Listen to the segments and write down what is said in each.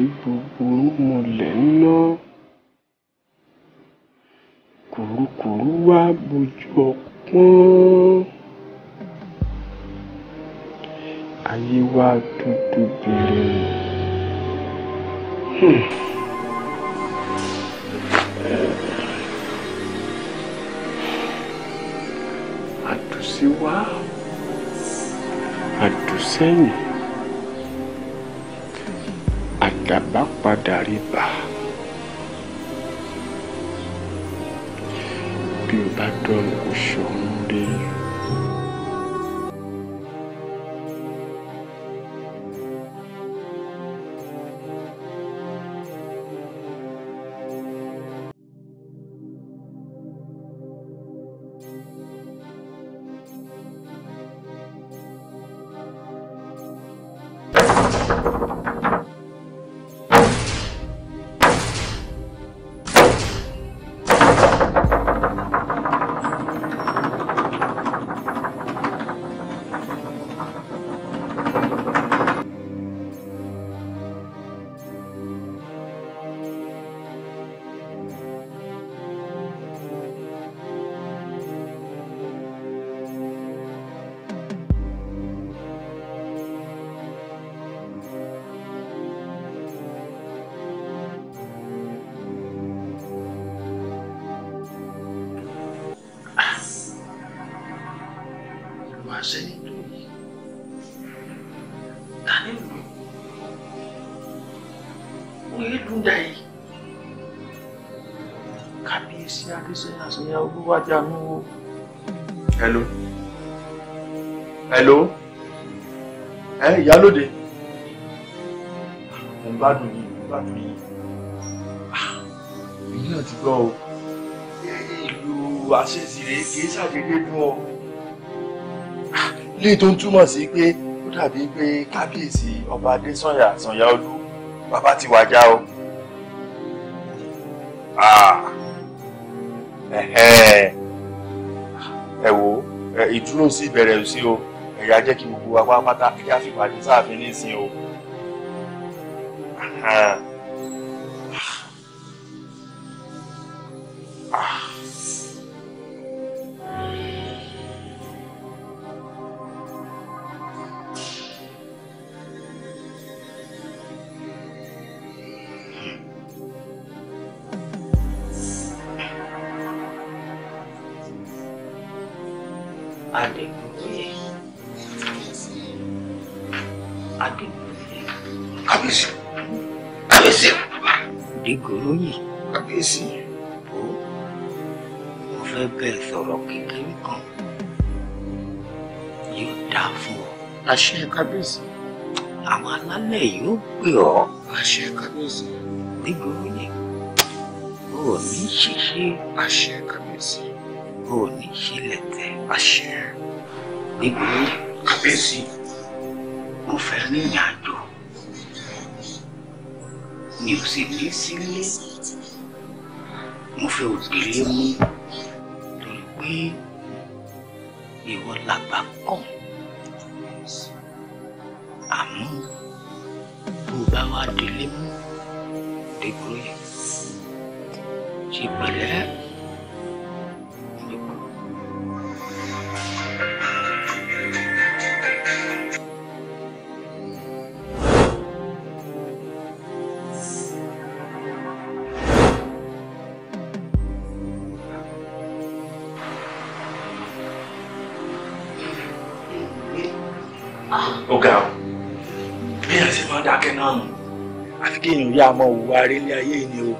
tí gbogbooru mọlẹ̀ ná kùrukùru wá bójú ọ wájà mi wò. hello hello ẹ ìyálóde mo ń gbádùn yìí mo ń gbádùn yìí ah, èyí náà ti gbọ́ o ìlú àṣeṣire kì í ṣàdédé dún ọ lè tó ń túmọ̀ sí pé ó dàbí pé kábíyèsí ọba adésànyà sànyà bàbá ti wájà o. Ah. Eh, ẹ wo ìdúró sí ìbẹ̀rẹ̀ sí o ẹ̀yà jẹ́ kí gbogbo wa pátá kí a fi pàdé sáàfin nísìnyí o. kábíyèsí. àwọn alálẹ̀ yóò pè ọ́. àṣẹ kábíyèsí. nígboro yẹn o ò ní ṣiṣẹ́. àṣẹ kábíyèsí. o ò ní ṣílẹ̀ tẹ. àṣẹ. nígboro yẹn. kábíyèsí. mo fẹ́ rìnrìn àjò mi ò sì ní sílé mo fẹ́ òdìlé mú torí pé ìwọ làgbà kàn. bawa dilim di kulit si balik yá mọ òwúwa relé ayé ni o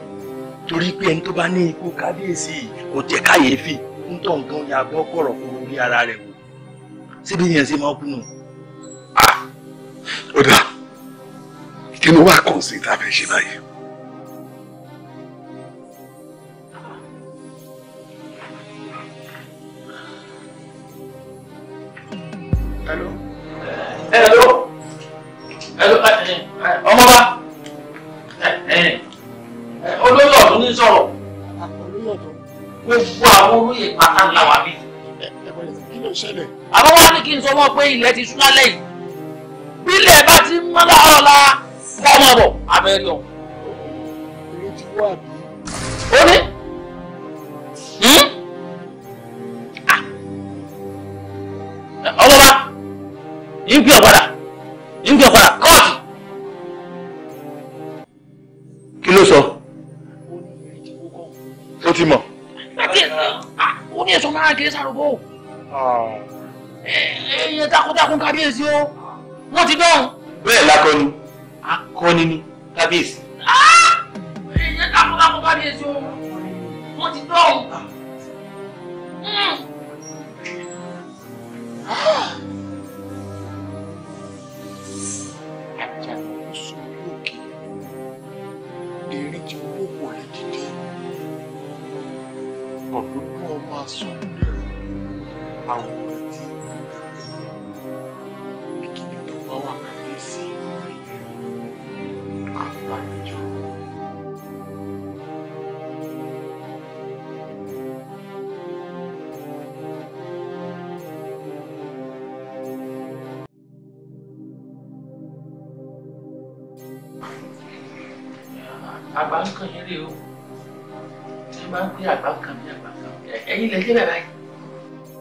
torí pé ẹni tó bá ní ikú kábíyèsí kò jẹ́ káyéfì ń tọ̀ nǹkan ya gbọ́ pọ̀rọ̀ kúrú ní ara rẹ̀ wò síbi yẹn ṣe máa kùnú. Ah! ó dà kí ni wàá kàn sí tá a fẹ́ ṣe báyìí. àgbà ń kàn yín rè o ṣé máa ń pè àgbà kan bí àgbà kan ẹ̀yin lè dé bàbá yìí.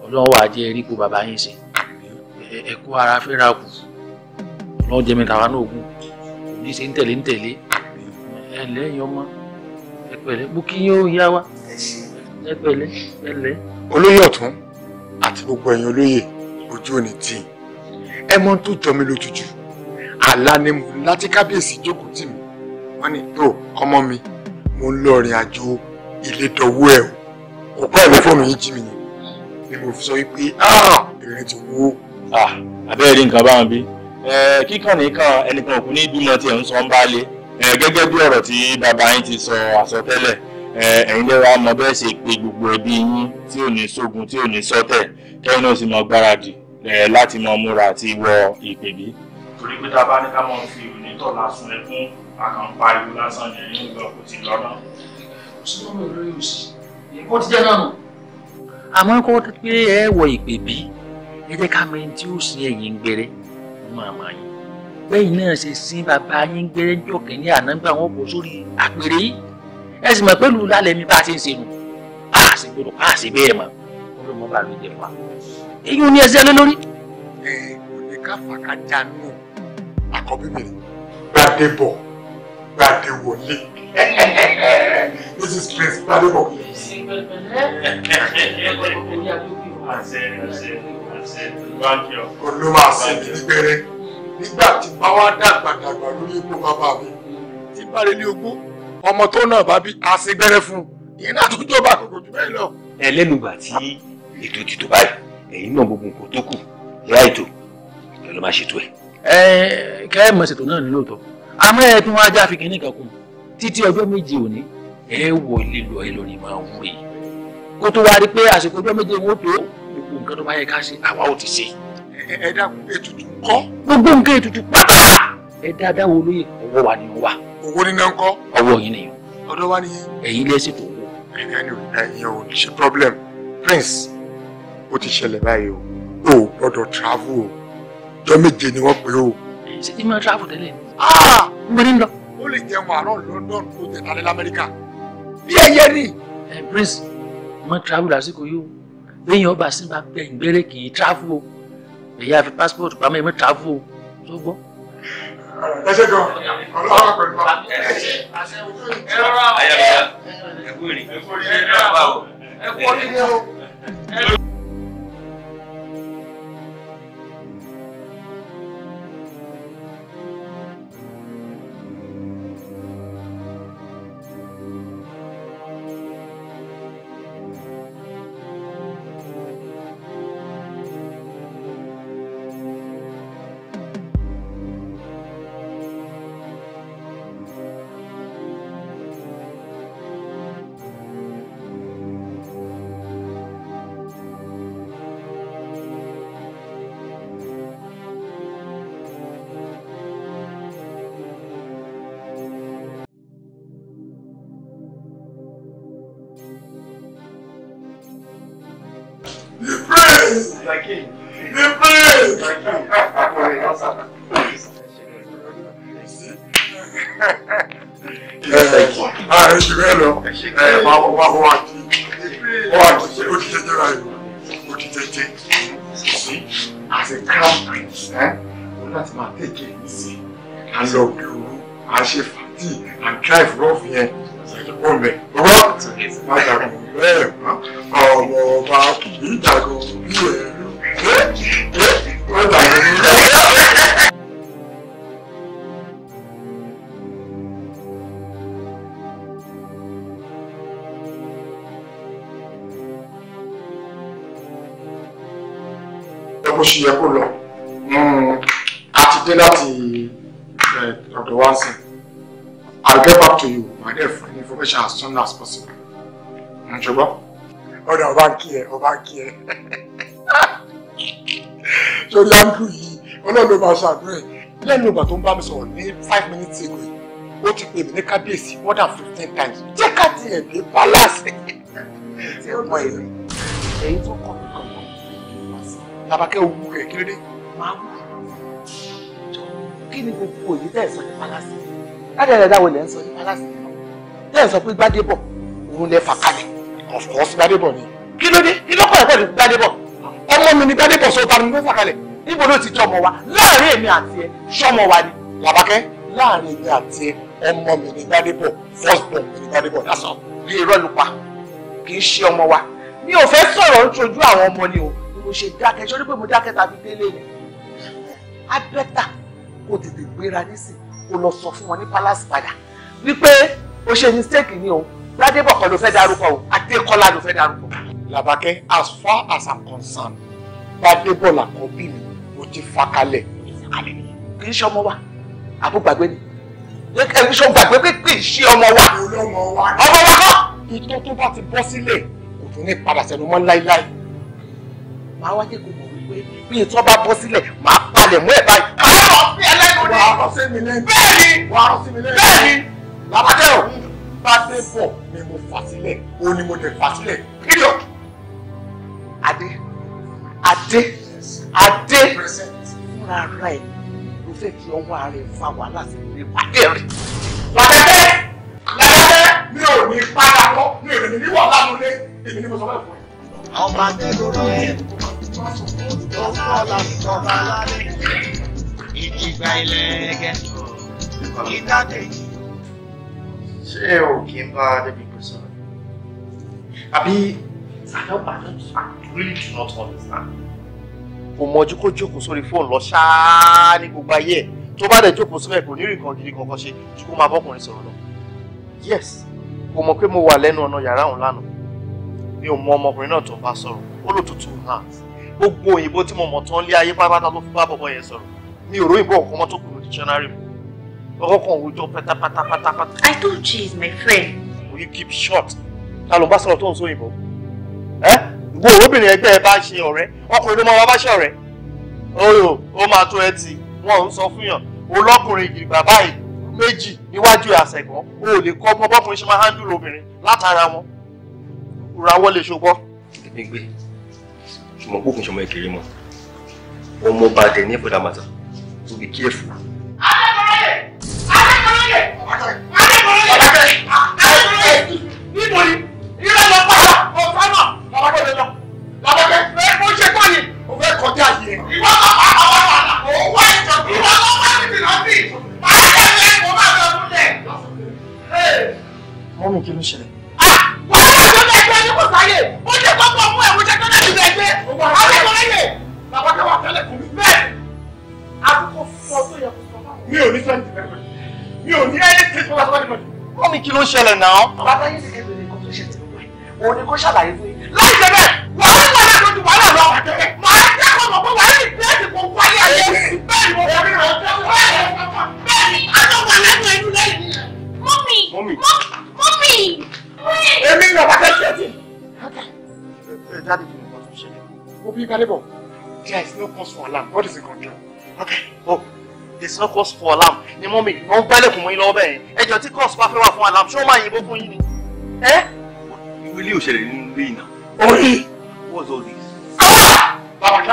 ọlọ́run wàá jẹ́ eríkù bàbá yín sí ẹ kó ara fẹ́ra kù ọlọ́run jẹ́mi tàwa náà gùn kò ní ṣe ń tẹ̀lé ń tẹ̀lé ẹ lẹ́yìn ọmọ ẹ pẹ̀lẹ́ bú kí yín ó yá wa ẹ pẹ̀lẹ́ ẹ lẹ́. olóyè ọ̀tún àti gbogbo ẹ̀yin olóyè ojú ò ní tì ẹ mọ tó jọ mi lójújú àlá ni mo láti kábíyèsí jókòó tì mí wọ́n ní tó ọmọ mi mo ń lọ rìn àjò ilé dọ̀wọ́ ẹ̀ o kò pẹ́ mi fóònù yìí jí mi yẹn ni mo fi sọ wípé ah! ìrìn ti wó. àbẹ́rẹ́ ah, rí nǹkan báwọn bí kíkàn nìkan ẹnìkan òkú ní bímọ tí ẹ̀ ń sọ ń bá lé gẹ́gẹ́ bí ọ̀rọ̀ tí bàbá yín ti sọ àsọtẹ́lẹ̀ ẹ̀yin lè wá mọ bẹ́ẹ̀ ṣe pé gbogbo ẹbí yín tí ò ní sógun tí ò ní sọ́tẹ̀ kẹ́yìn náà sì mọ gbáradì láti mọ múra àti wọ ìpèbí. torí pé tá a bá ní ká mọ fi òní tọ̀ lásùn ẹkún Akan pariwo lásán yẹn ń lọ kò ti lọ́nà. kò sí lọ́nà olórí òsì kó ti jẹ́ náà nù. àmọ́ kó tó pé ẹ wọ ìpè bí ẹ jẹ́ ká mẹ́rin tí ó sin ẹ̀yìn gbẹ̀rẹ̀ màmá yìí bẹ́yìn náà ṣe sin bàbá yín gbẹ̀rẹ̀ jọ̀kẹ́ ní ànágbà wọn kò sórí àpèrè yìí ẹ sì mọ̀ pé lù lálẹ́ mi bá a ń ṣe nù á sì gbọdọ̀ á sì bẹ́ẹ̀ mọ̀ ọlọ́mọ bá mi jẹ wá èyí ò ní ẹsẹ̀ lé lórí. ẹ kò ní ká fàákà jánu àkọ́bí mi gbàdébọ̀. Gbadewole this is Prince Gbadebo. olóma àṣẹbí nígbẹ̀rẹ̀ nígbà tí bá wá dàgbà dàgbà lórí epo bàbá mi tí bá rẹ ní ogbó ọmọ tó náà bá bí àṣegbẹrẹ fún un iná tó jọba kòkò jù bẹ́ẹ̀ lọ. ẹ lẹ́nu ìgbà tí ètò ti tó báyìí ẹ̀yin náà gbogbo nǹkan tó kù ìyá ètò ìpẹ̀lú máa ṣètò ẹ̀. ẹ kẹ́ ẹ̀ mọ̀ ṣètò náà ní lóòótọ́ àmọ́ ẹ tún wáá jáfi kínní kan kún títí ọjọ́ méje òní ẹ wọ ilé lọ ẹ lórí máa wú e kó tó wáá rí pé àsìkò ọjọ́ méje wo tó gbogbo nǹkan tó bá yẹ ká ṣe àwa ò ti ṣe. ẹ dákun ètùtù kọ́. gbogbo nǹkan ètùtù pátá ẹ dáadáa wo lóye ọwọ́ wa ni wà. owó níná ń kọ́. ọwọ́ yín nìyẹn. ọ̀dọ̀ wa ni. ẹ̀yin lẹ́sìn tó wọ. ẹ̀yin ẹ̀yin ò ṣe problem prince ó ti ṣẹlẹ̀ báyìí o ò gbọ́dọ̀ travel o ọjọ́ méje ni wọ́n pè é o. ṣé ti máa travel tẹ́lẹ̀ ni. Ah, ní lọ. ó lè jẹun London to jẹ tálẹ́ lamẹ́ríkà bí ẹyẹ ni. ẹ prince mo travel lásìkò yìí o lẹ́yìn ọba sí ma bẹ ìgbéré travel o èyí àfi passport pamọ́ èmi travel o tó gbọ́. ẹ ṣe gan ọlọ́wọ́ pẹ̀lú wa. ẹ ṣe ẹ rọra ẹ kú ìrìn ẹ kú ìrìn ẹ rọra o ẹ kú ọdún yẹn o. Hmm. a ti dé láti eh, ọ̀dọ̀ wa nsìn i will get back to you my dear friend information as soon as possible hmm, ṣùgbọ́n Oh no, ń kí ẹ ọba So kí ẹ Oh no, no ọlọ́run ló let me know about ìgbà tó five minutes ago what ó ti pè mí ní kábíyèsí more than fifteen times jẹ́ ká ti ẹ̀ dé palace ẹ̀ ọmọ ìlú èyí tó kọ̀ mí Come. mọ́ labakẹ́ òwú rẹ̀ kí ló dé máa wù jọ kí ni gbogbo èyí tẹ̀ sọ ní palasi láti ẹ̀rẹ̀ dáwọ̀ lẹ́ ń sọ ní palasi tẹ̀ ń sọ pé Gbádébọ̀ òun lẹ fà kalẹ̀ of course Gbádébọ̀ ni kí ló dé kí ló kọ̀ ẹ̀kọ́ ní Gbádébọ̀ ọmọ mi ni Gbádébọ̀ sọ tani ló fà kalẹ̀ níbo ló ti jọmọ wa láàrin èmi àti ẹ sọmọ wa ni làbákẹ́ láàrin èmi àti ẹ ọmọ mi ni Gbádébọ̀ first born mi ni Gbádébọ̀ dásán bí irọ́ lupa kì í ṣe ọmọ wa mi ò fẹ́ sọ̀rọ̀ ń ṣojú àwọn ọmọ ni o mo ṣe dákẹ́ sọ́rí pé mo dákẹ́ tàbí délé ni abẹ́ta kò tètè gbéra nísìn kò lọ sọ fún wọn ní palace padà wípé o ṣe mistake ni o ládébọ̀ kan ló fẹ́ darúkọ o adékọ́lá ló fẹ́ darúkọ. làbákẹ́ as far as i'm concerned ládébọ̀ làkọ́ bí mi mo ti fa kalẹ̀ ìfakalẹ̀ nìyẹn. kì í ṣe ọmọ wa àbúgbàgbé ni ẹni ṣe gbàgbé pé kì í ṣe ọmọ wa ọmọ wa kọ́. ìtọ́ tó bá ti bọ́ sílẹ̀ kò tún ní padà sẹ́nu mọ́ láíláí. màá wá jẹ́ kó mọ̀ wípé mi tó bá bọ́ sílẹ̀ máa palẹ̀ mọ́ ẹ̀ báyìí. màá lọ sí ẹlẹ́nu ni. wàá rọ sí mi lẹ́nu. bẹ́ẹ̀ni wàá rọ sí mi lẹ́nu. bẹ́ẹ̀ni làbájẹ́ o. bá dé bọ̀ ni mo fà sílẹ̀ o ni mo dẹ̀ fà sílẹ̀ period. adé adé adé fúnra ara ẹ̀ ló fẹ́ kí ọwọ́ ara ẹ̀ fa wàhálà sí ilé pàdé rẹ̀. làbájẹ́ làbájẹ́ mi ò ní padà kọ́ ní wàhálà lólé èmi ni mo sọ ó fọlá sọ̀rọ̀ aládé. ìdìgbà ìlẹ́gẹ̀ ìdádẹ́jì. ṣé o kì í bá Adébíyí sọ̀rọ̀? àbí àdọ́gbà náà really do not understand. kò mọ̀jú kó jókòó sórí fóònù lọ ṣáá ní gbogbo ayé ẹ̀ tó bá dẹ̀ jókòó síbẹ̀ kò ní rí nǹkan gidi kankan ṣe ju kó máa bọ́kùnrin sọ̀rọ̀ lọ. yes kò mọ̀ pé mo wà lẹ́nu ọ̀nà yàrá òun lánàá mi ò mọ ọmọkùnrin náà tó bá sọ̀rọ̀ ó lò tútù hàn gbogbo òyìnbó tí mo mọ̀ tán lé ayé pátápátá ló fi bá bọ̀bọ̀ yẹn sọ̀rọ̀ mi ò róyìnbó ọ̀kan mọ́ tó kù ní dictionary mi ọkọ̀ kan òwúrọ̀ jọ pátápátá pátápátá. I told you my friend. Will you keep short? ta ló ń bá sọ̀rọ̀ tó ń sọ òyìnbó? ẹ́ gbogbo òróbìnrin ẹgbẹ́ ẹ bá ṣe ọ̀rẹ́ ọkùnrin ló máa bá ṣe ọ̀rẹ́ oyo ó máa tó ẹ ti wọn ń sọ fún yàn olókùnrin ìgbà báyìí méjì níwájú àṣẹ̀gbọ́n o ò lè kọ́ ọmọ bọ́kùnrin ṣe máa handle obìnrin látara mọ̀ pé òkun ṣe ọmọ ìkéré mọ́ ọmọ ọba dẹ̀ ní ẹ̀fọ́ dàmàtà tó fi kí ẹ̀fọ́. adékọ̀ọ́lẹ̀ adékọ̀ọ́lẹ̀ adékọ̀ọ́lẹ̀. ṣẹlẹ̀ náà. bàbá yín ti kéde ní kó tó ṣe ti wà òun ni kó ṣàlàyé fún yín. láì jẹ bẹ́ẹ̀ wàá wà láti ojú wàhálà lọ màá jẹ́ kó mọ̀ pé wàá ní bíléèdì kó wáyé ayé bẹ́ẹ̀ ni mo wọlé rẹ̀ bẹ́ẹ̀ ni ajọ́ wà lẹ́nu ẹnu lẹ́yìn. mọ́mì mọ́mì èmi ni ọba tẹ́ tiẹ̀ ẹ jáde kí ni wọ́n tún ṣe é. obìnrin balẹ̀ bọ̀ there is no cause for alarm what is it there is no cause for alarm ni mọ́mí wọ́n gbálẹ̀kùn mọ́ yín lọ́wọ́ bẹ́ẹ̀ yẹn ẹjọ́ tí cause bá fẹ́ wà fún alarm ṣé ó máa yìnbọn fún yín ni. ìwé ilé òṣèlè ní ilé ìnà. orí. what's all this. bàbá kí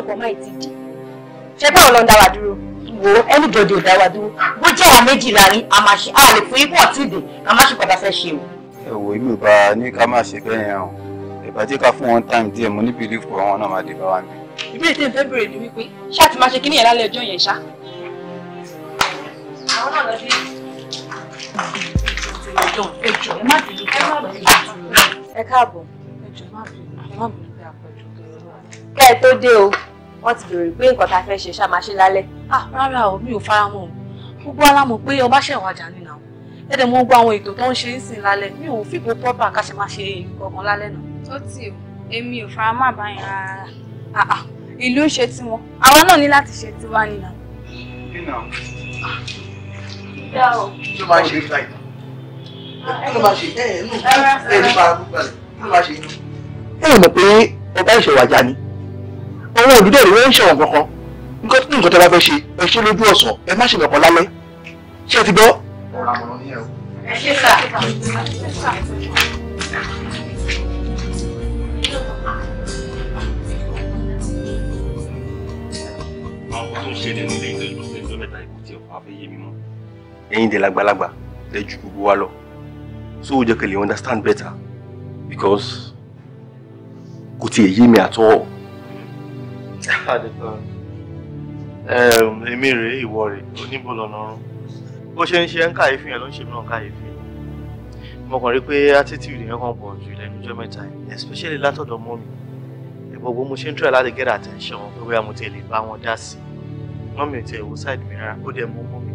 ọkọ̀ máa ti dì ṣé báwo ló ń dá wa dúró wo anybody ò dá wa dúró bó jẹ́ àwọn méjì láàrin a máa ṣe a lè fún yín pọ̀ tí ìdè a máa ṣe padà fẹ́ ṣe o. ẹ wo èmi ò bá a ní ká máa ṣe bẹ́ẹ̀ yẹn o ìbá jẹ́ ká fún wọn time díẹ̀ mo ní belief pé àwọn náà máa dé bá wa mi. ìbéèrè tí n fẹ́ bèrè ni wípé ṣáà ti máa ṣe kíní yẹn lálẹ́ ọjọ́ yẹn ṣá. àwọn náà lọ sí ẹjọ́ ẹjọ́ ẹ má bínú ẹ káàbọ̀ ẹjọ́ má bínú ẹ má bínú kẹ́ ẹ tó dé o wọ́n ti bèrè pé nǹkan tá a fẹ́ ṣe ṣá máa ṣe lálẹ́ ah rárá o mi ò faramọ́ o gbogbo alámọ̀ pé ọba ṣèwádà ni nà ẹ dẹ̀ mọ̀ gbọ́ àwọn ètò tó ń ṣe ń sìn lálẹ́ mi ò fìbò pọ́pà ká ṣe máa ṣe ìkọ̀ọ̀kan lálẹ́ náà. tó tì o èmi ò faramọ́ àbáyìn rárá ah, ah, ìlú ń ṣe tiwọn àwa náà ní láti ṣe tiwa nìyà. nínà dá o. kí ló máa ṣe ní báyìí kí ló máa ṣe ẹ ẹ nù ẹ ní bá gbogbo ẹ kí ló máa ṣe. ẹ mọ̀ pé ọba ìṣèwádà ni owó òdúdó rẹ̀ ń ṣẹ̀wọ̀n kankan nǹkan tó bá fẹ́ ṣe ẹ ṣe lójú ọ̀sán ẹ má ṣe mẹ̀kọ́ lálẹ́ ṣé ẹ ti gbọ́. ẹ ṣe sà. ẹ̀yin de lágbàlagbà lẹ ju gbogbo wa lọ so o jẹ́ kí lè understand better because kò tiẹ̀ yé mi at all èmi rèé ìwọ rèé oníbò lọ́nà ọ̀run bó ṣe ń ṣe ń kàyéfì yẹn ló ń ṣe mí náà kàyéfì mo kàn rí pé attitude yẹn kàn pọ̀ jù lẹ́nu ọjọ́ mẹ́ta yìí especially látọ̀dọ̀ mọ́ mi gbogbo mo ṣe ń try láti get attention pé bóyá mo ti lè bá wọn dá sí i wọ́n mi ò tiẹ̀ wò side mi rárá ó dẹ̀ mọ́ mọ́ mi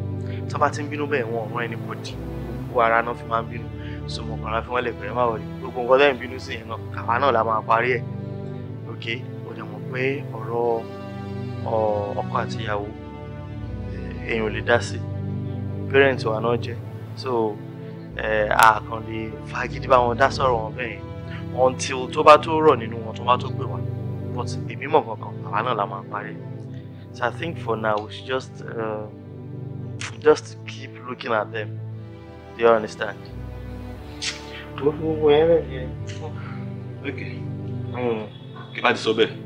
tó bá ti ń bínú bẹ́ẹ̀ wọn ọ̀ràn ẹni kò dì gbogbo ara náà fi máa ń bínú so mo kàn ra fi wọ́n lè pẹ̀lú máa wọlé gbogbo nǹkan lẹ́yìn bínú sí yẹn náà kàwa náà la máa parí ẹ̀ ok ó dẹ̀ mọ̀ pé ọ̀rọ̀ ọkọ àti ìyàwó eh, èèyàn lè dá sí parent wa náà jẹ́ so àkàn eh, lè fagídí bá wọn dá sọ̀rọ̀ wọn bẹ́ẹ̀ until tó bá tó rọ̀ nínú wọn tó bá tó pè wá but èmi mọ̀ kankan àwa náà la máa parí so I think for now we should just uh, just keep looking at them do you understand. Okay. Mm. Kí bá ti sọ bẹ́ẹ̀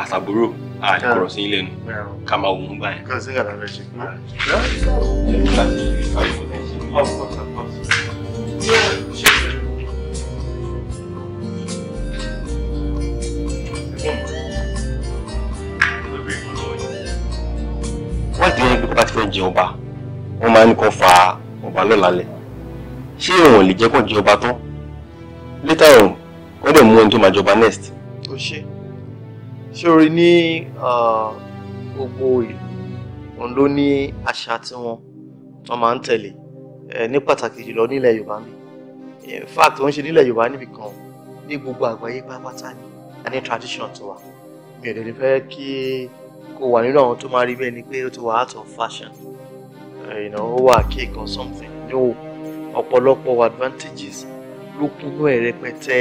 àṣàbúrò àdìkọ̀rọ̀ sí ilé nu ká máa òun gbà yẹn. kọ́sí kàtà fẹ́ ṣe. wọ́n ti ní pípa ti fẹ́ jẹ ọba wọ́n máa ń kọ́ fa ọba lọ́la lẹ̀ ṣé òun lè jẹ́ kó jẹ ọba tán létà ọ̀hún kọ́ dẹ̀ mú ẹni tó máa jọba next. ó ṣe é ṣé orí ní gbogbo ìlú òun ló ní àṣà tiwọn wọn máa ń tẹ̀lé ní pàtàkì jùlọ nílẹ̀ yorùbá mi in fact wọ́n ń ṣe nílẹ̀ yorùbá níbi kan ní gbogbo àgbáyé pátápátá ni a ní tradition tó wà mi ò lè fẹ́ kí kó wà nínú àwọn tó máa rí bẹ́ẹ̀ ni pé ó ti wà out of fashion ó wà cake or something ní o ọ̀pọ̀lọpọ̀ advantages ló kúnú ẹ̀ rẹpẹtẹ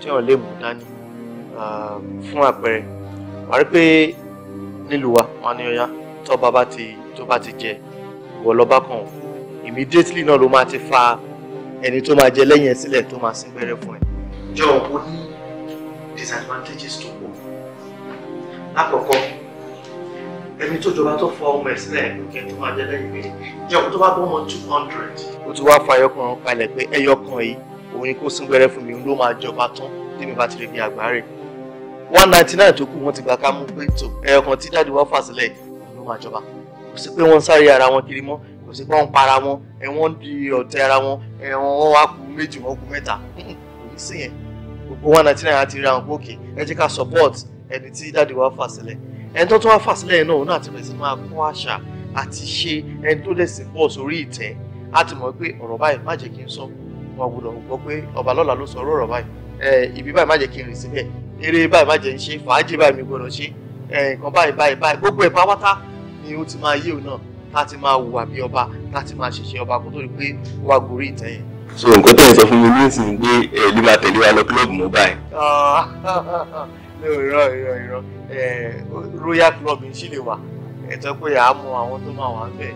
tí wọ́n lè mú dání fún àpẹẹrẹ wà rí pé nílùú wa wọn ní ọyá tọba bá ti tó bá ti jẹ ìwọ lọba kan immediately náà ló máa ti fa ẹni tó máa jẹ lẹ́yìn ẹ sílẹ̀ tó máa sin gbẹ́rẹ́ fún ẹ. jọ o ní disadvantages tó pọ̀ lákọ̀ọ́kọ́ ẹni tó jọba tó fọ ọmọ ẹ sílẹ̀ kẹ tó máa jẹ lẹ́yìn méjì jẹ o tó bá bọ́ ọmọ two hundred. o ti wá fa ẹyọkàn kalẹ̀ pé ẹyọkàn yìí òun ni kó sin gbẹ́rẹ́ fún mi ló máa jọba tán tèmi bá ti rí bí àgbáre one ninety nine tó kù wọ́n ti gbà ká mú pé tó ẹ̀ẹ̀kan tí dáàdi wá fà sílẹ̀ ló máa jọba kò sí pé wọ́n sáré ara wọn kiri mọ́ kò sí pé wọ́n para wọn ẹ̀wọ̀n di ọ̀tẹ̀ ara wọn ẹ̀wọ̀n wọn wá kú méjì wọn kú mẹ́ta kò ní sí yẹn gbogbo one ninety nine àti ra nǹkan òkè ẹ jẹ́ ká support ẹni tí dáàdi wá fà sílẹ̀ ẹni tó tún wá fà sílẹ̀ náà òun náà ti bẹ̀rẹ̀ sí máa kó àṣà àti ṣe ẹni tó lè sìn sórí ìtẹ́ á mọ̀ pé ọ̀rọ̀ báyìí má jẹ́ kí n sọ wọn gbọ́dọ̀ gbọ́ pé ọba ló sọ ọ̀rọ̀ báyìí ibi báyìí má jẹ́ kí n rìn síbẹ̀ eré báyìí má jẹ́ n ṣe fàájì báyìí mi gbọ́dọ̀ ṣe nǹkan báyìí báyìí báyìí gbogbo ẹ̀ pátá ni ó ti máa yé o náà láti máa hùwà bí ọba láti máa ṣẹ̀ṣẹ̀ ọba kó tó di pé wà gorí ìtẹ́ yẹn. so nǹkan tó ń sọ fún mi ní ìsìn pé ẹ lè máa tẹ̀lé wa lọ club mọ́ báyìí. irọ́ irọ́ irọ́ royal club ń ṣì lè wà ẹ̀tọ́ pé à á mọ àwọn tó máa wà ń bẹ̀.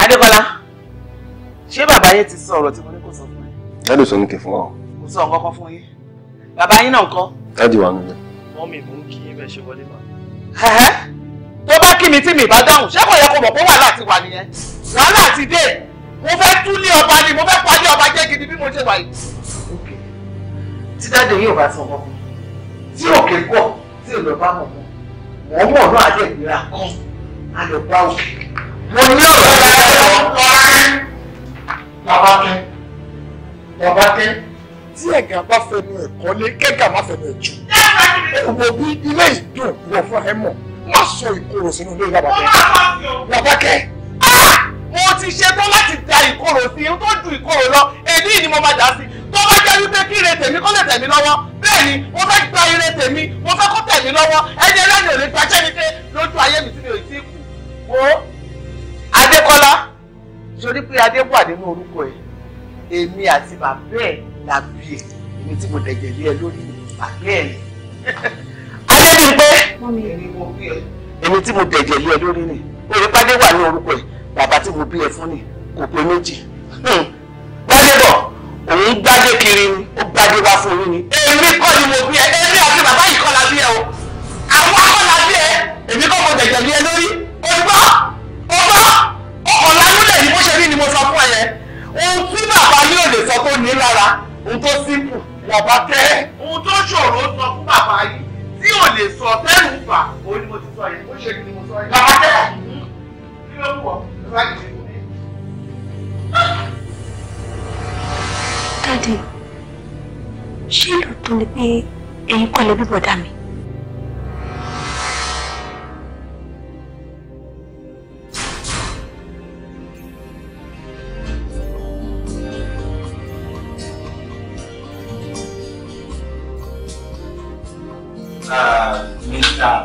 Adébọ́lá, ṣé bàbá yẹn ti sọ ọ̀rọ̀ tí mo ní kó sọ fún ẹ? Ẹ lè sọ ní kí fún ọ. Mo sọ nǹkan kan fún yín. Bàbá yín náà ńkọ́? Ẹ di wà nílẹ̀. Wọ́n mi mú kí ibẹ̀ ṣe wọlé bá. Tó bá kí mi tí mi bá dáhùn, ṣé kò yẹ kó mọ̀ pé wàhálà ti wà nìyẹn? Wàhálà ti dé. Mo fẹ́ tú ní ọba ni, mo fẹ́ parí ọba jẹ́ gidi bí mo ṣe wà yìí. Tí dáde yóò bá sọ ọkọ, wọ́n mọ̀ náà àti ìgbéra kan a lè bá òkè. mo ní ọ̀rọ̀ ẹ̀rọ babakẹ́ babakẹ́ tí ẹ̀gà bá fẹnu ẹ̀ kọ́lé kẹ́gà má fẹnu ẹ̀ jù. òwò bí ilé ìdùn wọ̀ fún ẹ mọ̀ má sọ ìkorò sínú ilé babakẹ́ babakẹ́ mo ti ṣetán láti da ìkorò sí i tó ju ìkorò lọ èyí ni mo máa dà sí i torí pé kí ire tèmi kó lè tèmi lọ́wọ́ bẹ́ẹ̀ ni mo fẹ́ gba ire tèmi mo fẹ́ kó tèmi lọ́wọ́ ẹni ẹlẹ́ni ò lè gba jẹ́nike lójú ayé mi tí mi ò tí kù wo Adékọ́lá torí pé adé wà nínú orúkọ ẹ èmi àti bàbá ẹ la bí ẹ èmi tí mo dẹ̀jẹ̀ lé ẹ lórí bàbá ẹ ni Adébímpé èmi tí mo dẹ̀jẹ̀ lé ẹ lórí ni òye pàdé wà ní orúkọ ẹ bàbá tí mo bí ẹ fún ni kò pé méjì. Hmm ń gbájé kiri ni ó gbájé wá fún yín ni. èmi kọ́ ni mo bí ẹ èmi àti bàbá yìí kọ́ la bí ẹ o àwọn akọ́ la bí ẹ èmi kọ́ mo jẹ̀jẹ̀ bí ẹ lórí olùgbọ́ ọgbọ́ ọ̀làmúlẹ̀ ni bó ṣe rí ni mo sọ fún ẹ yẹn ohun tí bàbá yóò lè sọ tó ní lára ohun tó simple bàbá tẹ́. ohun tó ṣòro sọ fún bàbá yìí tí ò lè sọ tẹ́rù bà òun ni mo ti sọ yẹn bó ṣe rí ni mo sọ yẹn. bàbá tẹ́ Dádì, ṣé lóòótọ́ ni pé ẹ̀yin kọ́ lè bí bọ̀dá mi? Uh, uh,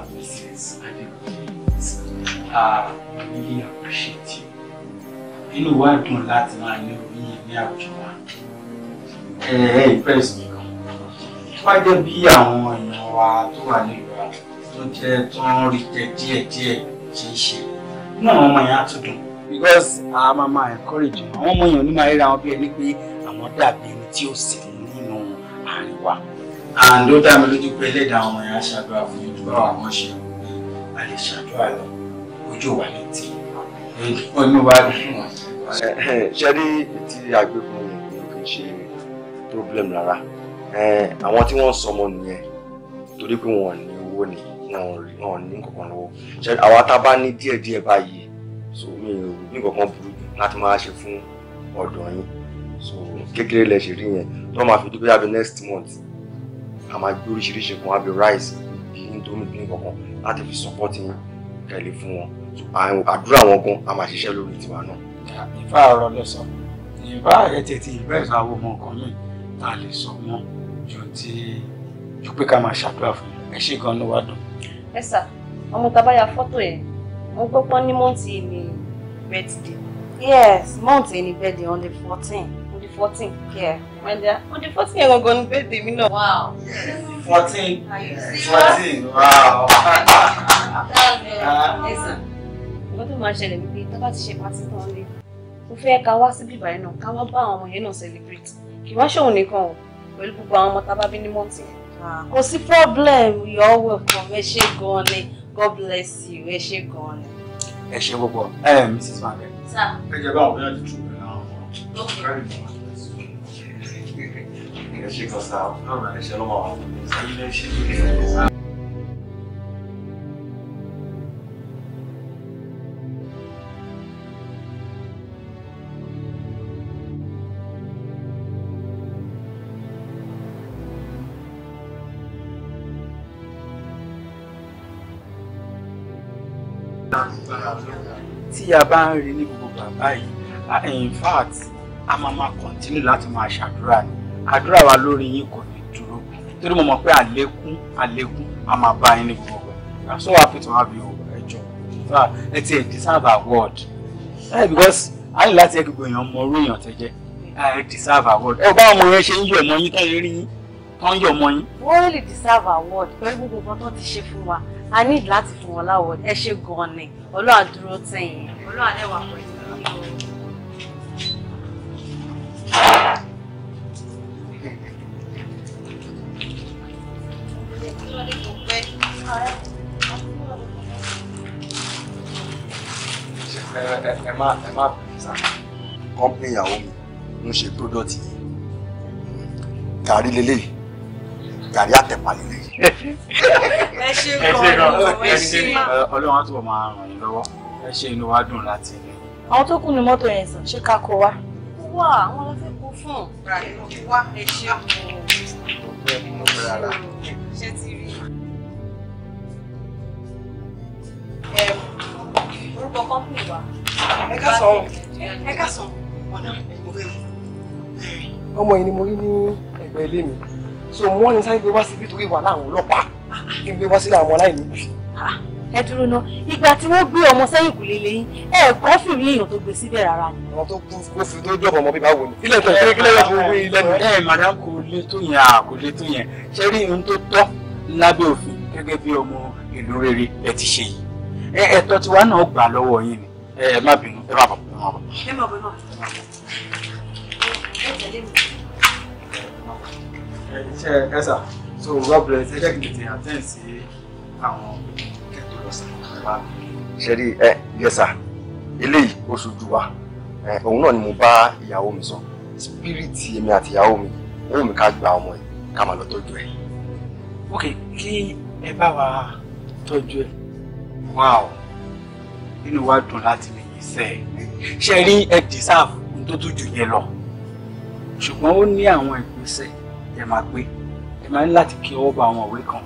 inú wa dùn láti máa ní orí ní àwùjọ ẹ impress mi gan tó bá jẹ́ bí àwọn èèyàn wa tó wà ní ìlú wa tó jẹ́ tó ń rí jẹ díẹ̀díẹ̀ ṣe ń ṣe inú ọmọ yẹn á tún dùn because a máa máa encourage wọn àwọn ọmọ yẹn ò ní máa ríra wọn bí ẹni pé àwọn dàbí ẹni tí ó sì nínú àárín wa and ó dá mi lójú pé ẹlẹ́dàá àwọn ọmọ yẹn á ṣàdúrà fún yín tó bá wà wọ́n ṣe a lè ṣàdúrà lọ ojú wa ní tí ọ̀nà wa dùn wọn. Eh, eh, ṣe rí ti àgbẹ̀fọ́ yẹn kì í ṣe problem rárá àwọn tí wọ́n sọmọ nìyẹn torí pé wọn ò ní owó ni wọn ò ní kankan lọ́wọ́ àwa tá a bá ní díẹ̀díẹ̀ báyìí so mi ò ní kankan burú láti máa ṣe fún ọ̀dọ̀ yín so kékeré lẹ ṣe rí yẹn tó máa fi dúpẹ́ àbí next month a máa gbé oríṣiríṣi kan àbí rice bí indomie bí kankan láti fi support yín kẹ́lẹ́ fún wọn àdúrà wọn gan a máa ṣiṣẹ́ lórí tiwa náà. ìfá ọ̀rọ̀ lẹ sọ ìfá ẹ̀ tètè ìbẹ́ẹ̀ sọ àwọn ọmọ kan yìí tá a lè sọ wọn ju ti ju pé ká máa ṣàdúrà fún ẹ ṣe gan ló wá dùn. ẹ sà ọmọ tá a bá ya fọ́tò yẹn mo gbọ́ pọ́n ní mọ́ǹtì ní birthday yes mọ́ǹtì ní birthday on the fourteen on the fourteen yeah my on the fourteen yẹn gangan ní birthday mi náà. wow fourteen fourteen wow. ẹ ah. sà nǹkan tó máa ṣẹlẹ̀ wípé tó bá ti ṣe pàtí tán lé mo fẹ́ ká wá síbí ìbàyẹn náà ká wá bá àwọn ọmọ yẹn náà celebrate kì wá ṣòun nìkan o pẹ̀lú gbogbo àwọn ọmọ tá bí ní mọ́tì. kò sí problem you are welcome ẹ ṣé gan-an ni god bless you ẹ ṣé gan-an ni. ẹ ṣé púpọ̀ eh, ẹ mrs mabe. ẹ jẹ báwo bí wọn ti tún náà ẹ ṣé kan sáà ẹ ṣé ló máa tí a bá ń rí ní gbogbo bàbá yìí in fact a máa máa continue láti máa ṣàdúrà ni àdúrà wa lórí yín kò ní dúró torí mo mọ̀ pé àlékún àlékún a máa bá yín ní gbogbo ẹ̀ so happy to have you ẹjọ́ ẹ ti deserve award eh, because a ní láti ẹ gbogbo èèyàn mọ orú èèyàn tẹ jẹ eh, ẹ deserve award ẹ bá ọmọ yẹn ṣe ń yọ ọmọ yín tán rí yín tán yọ ọmọ yín. wọ́n lè deserve award pẹ̀lú gbogbo nǹkan tó ti ṣe fún wa a ní láti fún wọn láwọ ẹ ṣe gan ni Ọlọ́run á dúró tẹ̀yìn Ọlọ́run á lẹ́wà pẹ̀lú. ẹ má ẹ má bẹ̀rẹ̀ sá kọ́ńpì ìyàwó mi ń ṣe pródọ̀tì yìí kàrí lélẹ́yìí gàrí àtẹ̀pà líle. ẹ ṣe gan ẹ ṣe ọlọ́run á túbọ̀ máa ràn yín lọ́wọ́ ẹ ṣe inú wa dùn láti rí. àwọn tó kù ní mọ́tò yẹn sàn ṣé ká kó wa. wá àwọn ọlọ́fẹ́ kó fún ra ìlú wá ẹ ṣe ṣe ti rí. orúkọ kọ́ńpì wa. ẹ ká sọ ẹ ká sọ ọ̀nà ìmúwé mu. ọmọ yìí ni mo rí ní ẹgbẹ́ ilé mi so wọ́n ní sáré gbé wá síbi torí wà láwọn ọlọ́pàá kí n gbé wá sílẹ̀ àwọn aláìní bí. Ah, ẹ dúró ná ìgbà tí wọ́n gbé ọmọ sẹ́yìn kù lé lẹ́yìn ẹ kọ́ fìrí èèyàn tó gbé síbẹ̀ rárá ni. àwọn tó kú kó fi tó jọ̀bọ̀ ọmọ bíbá wò ni. ilé ìtọ́ ìṣẹ́rí kílẹ̀ yẹn fún wí lẹ́nu. ẹ màdá kò lè tó yẹn à kò lè tó yẹn ṣe rí ohun tó tọ́ lábẹ́ òfin gẹ́gẹ́ bí ọmọ ìlú rere ẹ ti ṣe yìí ẹ̀tọ́ tiwa náà gbà lọ́wọ́ yín ni ẹ má bínú ẹ má bọ̀ ẹ má bọ̀. ẹ má bọ̀ náà ṣe ẹ sà so God bless ẹ jẹ́ kí n tètè attend sí àwọn kẹ́kọ̀ọ́ lọ́sẹ̀ wá. ṣẹ́rí ẹ yẹsà eléyìí ó ṣojú wa òun náà ni mo bá ìyàwó mi sọ spiriti èmi àti ìyàwó mi òun mi ká gba ọmọ ẹ ká máa lọ tọ́jú ẹ. ok kí ẹ bá wa tọ́jú ẹ. wow inú wa dùn láti lè yí sẹ́ ẹ ṣe rí ẹ dìsáàfù tó tún jù yẹn lọ ṣùgbọ́n ó ní àwọn ìgbésẹ̀ ẹ máa gbé ẹ máa ní láti kí ọwọ́ bá àwọn òwe kan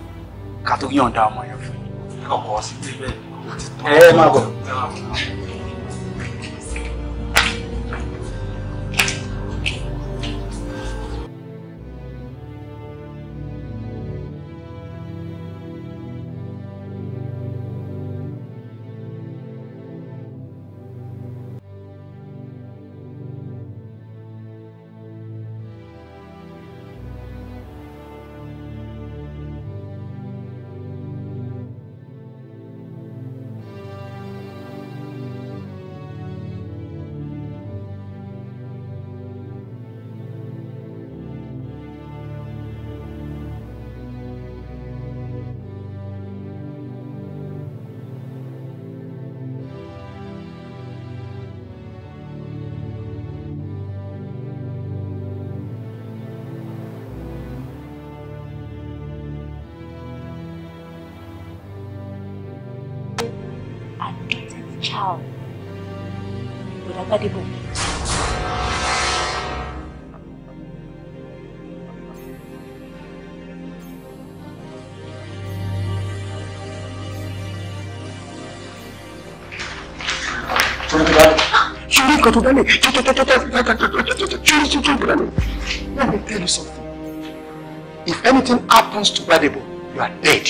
ká tó yọ̀ǹda ọmọ yẹn fún yín. ẹ kọ̀ọ̀kan sí ẹ máa bọ̀. Gbadebo. Ṣorí nǹkan tó dálé, ṣorí tó dálé. Let me tell you something. If anything happens to Gbadebo, you are dead.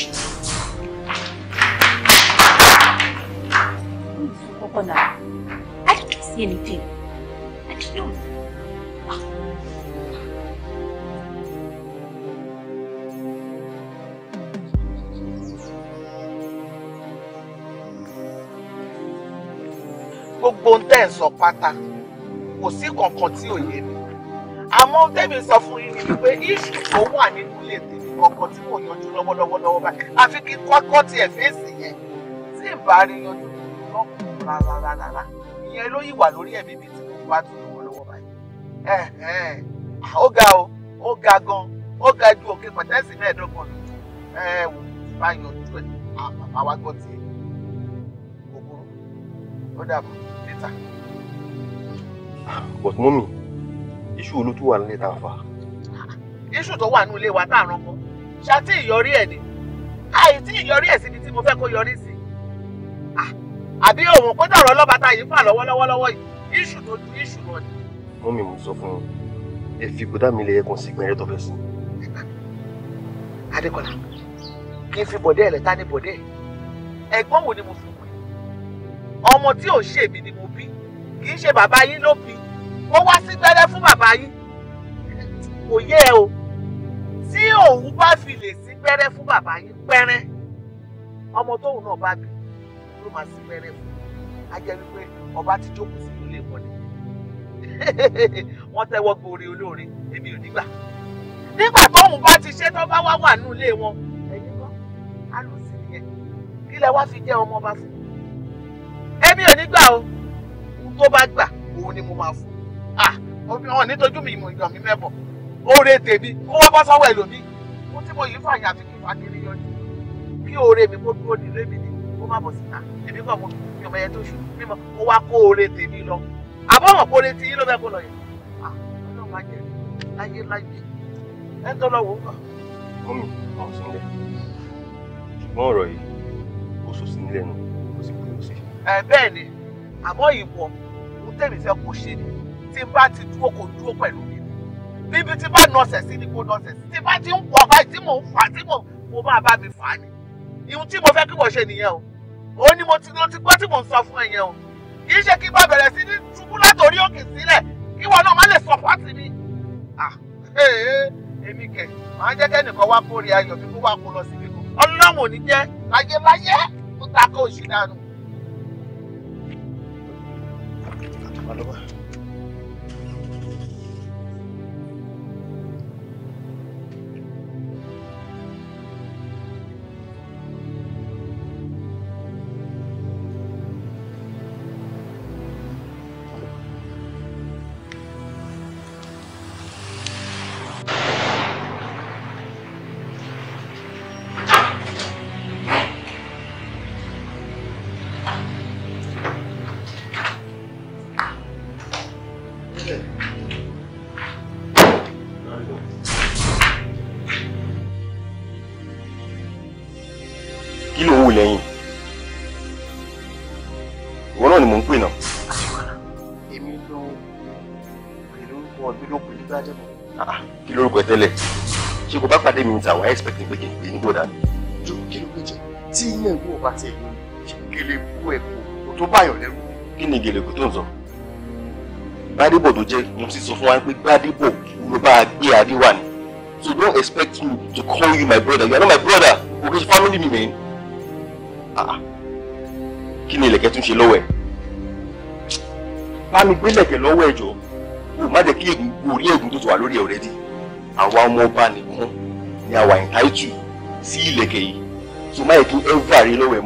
see anything. I did not. Gbogbo ń tẹ̀ sọ pátá, kò sí kankan tí ò yé mi. Àmọ́ tẹ́mi sọ fún yín ni pé iṣu tó wà nínú ilé tèmi kankan tí kò yanjú lọ́wọ́lọ́wọ́ lọ́wọ́ báyìí. Àfi kí kọ́kọ́ tiẹ̀ fèsì yẹn tí ì bá rí yanjú lọ́kùnrin rárá rárá ìyẹn ló yìí wà lórí ẹ̀mí mi tí mo wá tún lówó lọ́wọ́ báyìí ó ga o ó ga gan ó ga ju òkè pẹ̀tẹ́sì mẹ́ẹ̀ẹ́dọ́gbọ̀n lọ ẹ wò bá yanjú ẹ̀ àmàmà wa gbọ́ tiẹ̀ òwúrò ó dàbọ̀ níta. but mọ́mì iṣu olú tó wà nílé tá a fà. iṣu tó wà ní ilé wa tá a rán mọ́ ṣáà tí ìyọrí ẹ̀ ni àì tí ìyọrí ẹ̀ sí tí mo fẹ́ kó yọrí sí àbí òun kó dọ̀rọ̀ lọ́bàtà yìí fà lọ́wọ́lọ́wọ́ yìí iṣu tó ju iṣu lọ ni. mú mi mú sọ fún un èfi kó dá mi lè yẹkun sí gbẹrẹ tó fẹ́ sí. Adékọ̀lá kí n fi bọ̀dẹ́ ẹ̀ lẹ́ta ní bọ̀dẹ́ ẹ̀ ẹ̀gbọ́n wo ni mo fi wọ̀ ẹ́ ọmọ tí ò ṣe èmi ni mo bí kì í ṣe bàbá yín ló bí ó wá sí gbẹ́rẹ́ fún bàbá yín kò yé o tí òun bá fi lè sí gbẹ́rẹ́ fún bàbá yín pẹ́rẹ́ ọmọ tóun náà bá bí ló máa sí wẹ́rẹ́ fún un á jẹ́ wípé ọba ti jókòó sínú ilé wọn ni wọ́n tẹ́wọ́ gbòòrè olóore èmi ò nígbà nígbà tóun bá ti ṣe tó bá wá wà nínú ilé wọn ẹ̀yin kan á lò sí nìyẹn kí lẹ wá fi jẹ́ ọmọ ọba fún un èmi ò nígbà o ohun tó bá gbà òun ni mo máa fún un wọn nítojú mi ìmọ̀ ìyàn mi mẹ́bọ̀ oore tèmi kó wá bọ́ sọ́wọ́ ẹlòmíì ohun tí mo yìí fàyà fi kí fagiri yọjú kí oore mi kó dúró nílé mi ní kó má bọ̀ síta èmi kàn mọ mi ò mọ ẹyẹ tó ṣù mímọ ó wá kó oore tèmi lọ àbọ̀wọ̀n kó oore tí yín ló fẹ́ kó lọ yẹn ah, ọlọ́run má láyé láyé ẹ tọ́ lọ wò ó kàn. mọ́mí ọ̀ sílẹ̀ ṣùgbọ́n ọ̀rọ̀ yìí ó sọ sí nílẹ̀ nù ó sì kúrò sí. ẹ bẹ́ẹ̀ ni àmọ́ ìwọ ohun tẹ̀mí fẹ́ kó ṣe ni tí bá ti dúró kó dúró pẹ̀lú mi níbi tí bá nọ̀ọ̀sẹ̀ sí ni kó nọ̀ọ̀sẹ̀ sí tí bá ti ń wọ̀ báyìí tí mò ń fà tí mò ń bá bá mi fà á ni ìhun tí mo fẹ́ kí wọ́n ṣe nìyẹn o ó ní mo ti lọ ti gbọ́ tí mò ń sọ fún ẹ̀yẹn o kì í ṣe kí n bá bẹ̀rẹ̀ sí ní túbú látòrí òkè sílẹ̀ kí wọn náà má lè sọ pàtì mi. èmi kẹ màá jẹ́ kẹ́nìkan wá kórè ayọ̀ mi kó wá kó lọ síbi kan ọlọ́run ò ní jẹ́ láyéláyé ó ta kó òṣì dànù. things I was expecting pé kí n pè é nígbò dání. ju kí ló lè jẹ tí iye ìwọ bá ti ẹ̀yìn gèlèkú ẹ̀kọ́ kò tó báyọ̀ lẹ́rù. kí ni gèlèkú tó ń sọ. gbadebo tó jẹ́ mo ti sọ fún wa pé gbadebo ló bá a gbé adéwà ni so don't expect me to call you my brother you are not my brother o kì í ṣe family mi mẹ́rin. Ah, ah. kí ni ìlẹ̀kẹ̀ tún ṣe lọ́wọ́ ẹ̀ bá mi gbé lẹ̀kẹ̀ lọ́wọ́ ẹ̀ jọ má jẹ́ kí ègún gbórí ègún tó ti wà lórí ẹ̀ already àwa ọmọ ọba nìkan ni àwa entitled si ìlẹ̀kẹ̀ yìí so má yẹ kí ẹ vàrí lọ́wọ́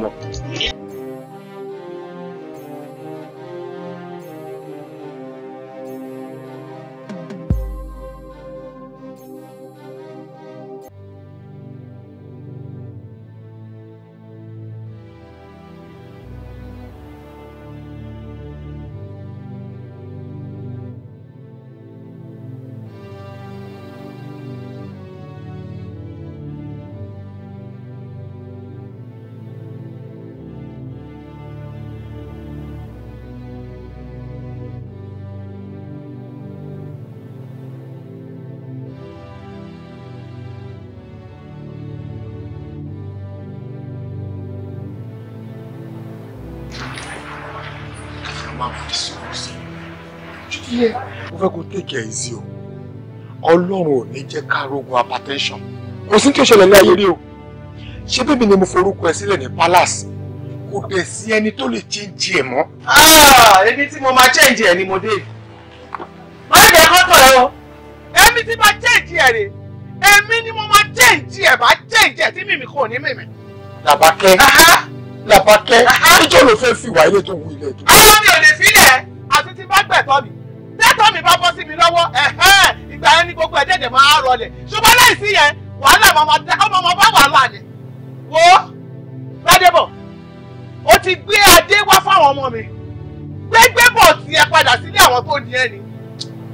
fẹ́ kó tèkì ẹ̀ sí o ọlọ́run ò ní jẹ́ ká rogun hypertension kò sí tí ó ṣẹlẹ̀ ní ayé rí o ṣé bébì ni mo forúkọ ẹ sílẹ̀ ní palace kò dẹ̀ sí ẹni tó lè chíńjì ẹ̀ mọ́. ẹni ah, tí mo máa chíńjì ẹ̀ ni mo dé má jẹ́ kọ́kọ́ ẹ o ẹni tí máa chíńjì ẹ̀ rè èmi ni mo máa chíńjì ẹ̀ bá chíńjì ẹ̀ tí mímì kò ní mímì. làbákẹ́ làbákẹ́ níjọ́ ló fẹ́ fi wà ilé tó wù ilé tó. àwọn ah, mi ò lè sílẹ̀ àti ti bá gbẹ̀tọ́ mi tọ́mi bá bọ́ sí mi lọ́wọ́ ìgbà yẹn ni gbogbo ẹ̀dẹ̀dẹ̀ máa rọlẹ̀ ṣùgbọ́n láìsí yẹn wàhálà ọmọ ọmọ bá wàhálà ni wo gbadebo o ti gbé adé wá fáwọn ọmọ mi gbégbé bọ̀ tí ẹ padà sílé àwọn tó ní ẹni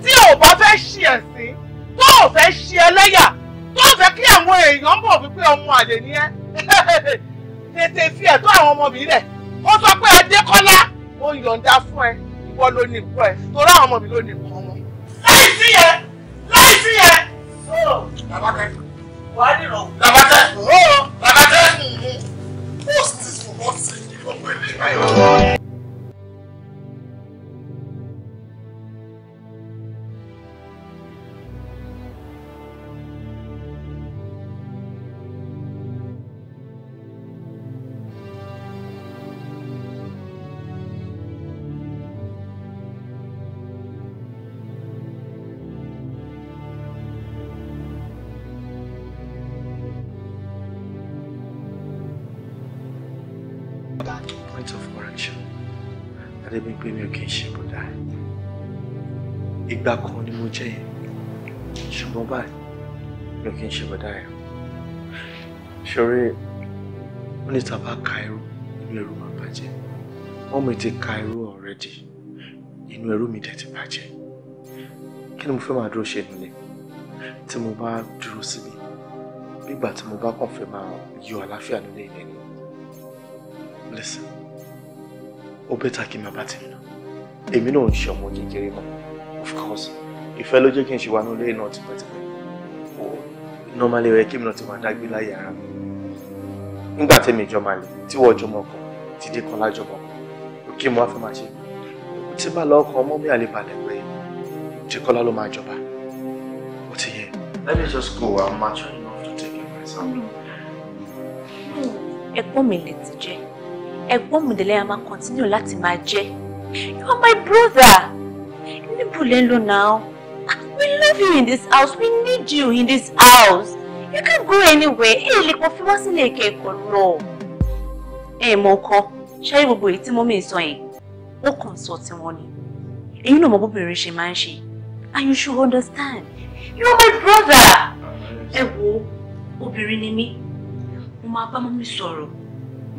tí ò bá fẹ́ ṣí ẹ̀ sí tó ò fẹ́ ṣí ẹ lẹ́yà tó ò fẹ́ kí àwọn èèyàn bọ̀ wípé ọmọ àlè ni ẹ tètè fi ẹ̀tọ́ àwọn ọmọ mi lẹ̀ ó sọ pé adékọ́lá ó yọ̀ǹda fún ẹ ìwọ ló ní ìkú ẹ torí àwọn ọmọ mi ló ní ìkú wọn. láì sí yẹn láì sí yẹn. Labakẹ́. wà á nìrọ̀. Labakẹ́. Labakẹ́. kí n ṣe bọ̀dá ẹ̀ ṣọ̀rẹ́ wọ́n ní tàbá ka irú inú ẹrú máa bàjẹ́ wọ́n mi ti ka irú already inú ẹrú mi dẹ̀ ti bàjẹ́ kí ni mo fẹ́ máa dúró ṣe nílé tí mo bá dúró síbi nígbà tí mo bá kàn fẹ́ máa yọ àlàáfíà nílé ilé ni listen ó bẹ́tà kí n máa bá tèmi náà èmi náà ń ṣe ọmọ kékeré mọ́ of course ìfẹ́ ló jẹ́ kí n ṣe wà nílé náà tipẹ́tipẹ́. normally ọ̀yẹ́ kémi náà ti máa dágbé láyé ara mi nígbà tẹ́mi ìjọba lè tí ti dé kan lájọmọ ọkọ̀ mo wá fẹ́ máa ṣe tí bá lọ́kọ̀ ọmọ mi àlebalẹ̀ pé Jẹ́kọ́lá ló máa jọba ó ti yẹ. Let me just go I'm mature enough to take you myself. ẹ̀gbọ́n mi ti mi a continue láti máa you are my brother We love you in this house. We need you in this house. You can't go anywhere. Ẹ like what fi wá sílé ìkẹ́ ẹ̀kọ́ lọ. Ẹ mọ ọkọ, ṣáyé gbogbo èyí tí mọ́mí sọ yẹn, ó kàn sọ money? wọ́n ni. Èyí náà mọ bóbìnrin ṣe máa And you should understand. You are my brother. Ẹ wo, obìnrin ni mí. Mo máa bá mọ́mí sọ̀rọ̀.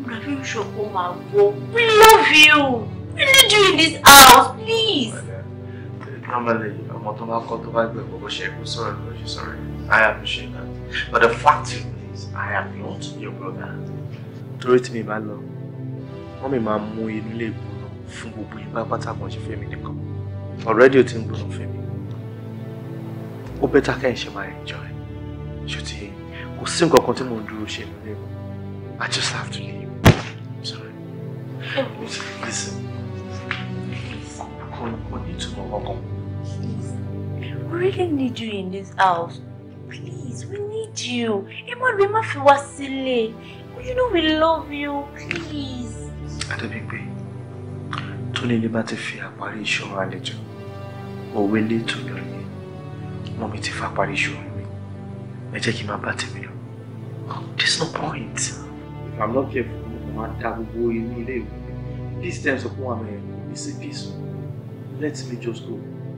Mo rà fi ń ṣọ̀kọ́ máa We love you. We need you in this house, please normally ọmọ tó bá kọ́ tó bá gbẹ̀gbọ́ bó ṣe kó sọ̀rọ̀ ló ṣe sọ̀rọ̀ I appreciate that but the fact is I am not your brother. torí tí mi bá lọ wọ́n mi máa mú inú ilé ìgbóná fún gbogbo ìgbà pátákó ṣe fẹ́mi nìkan already o ti ń gbóná fẹ́mi ó bẹ́tà kẹ́hìn ṣe máa enjoy ṣùtì kò sí nǹkan kan tí mò ń dúró ṣe nílé mi I just have to leave sorry listen. Kò ní túmọ̀ kankan please. We really need you in this house. Please, we need you. Emma, we must feel silly. You know we love you. Please. Adébímpé, Tony ní bá ti fi àparí ìṣòro àlejò. Òwe need to know you. Mommy àparí ìṣòro mi. Ẹ jẹ́ kí n him bá tèmi lọ. There's no point. If I'm not careful, mo máa da gbogbo inú ilé ìwé. times upon am, It's see peace. Let me just go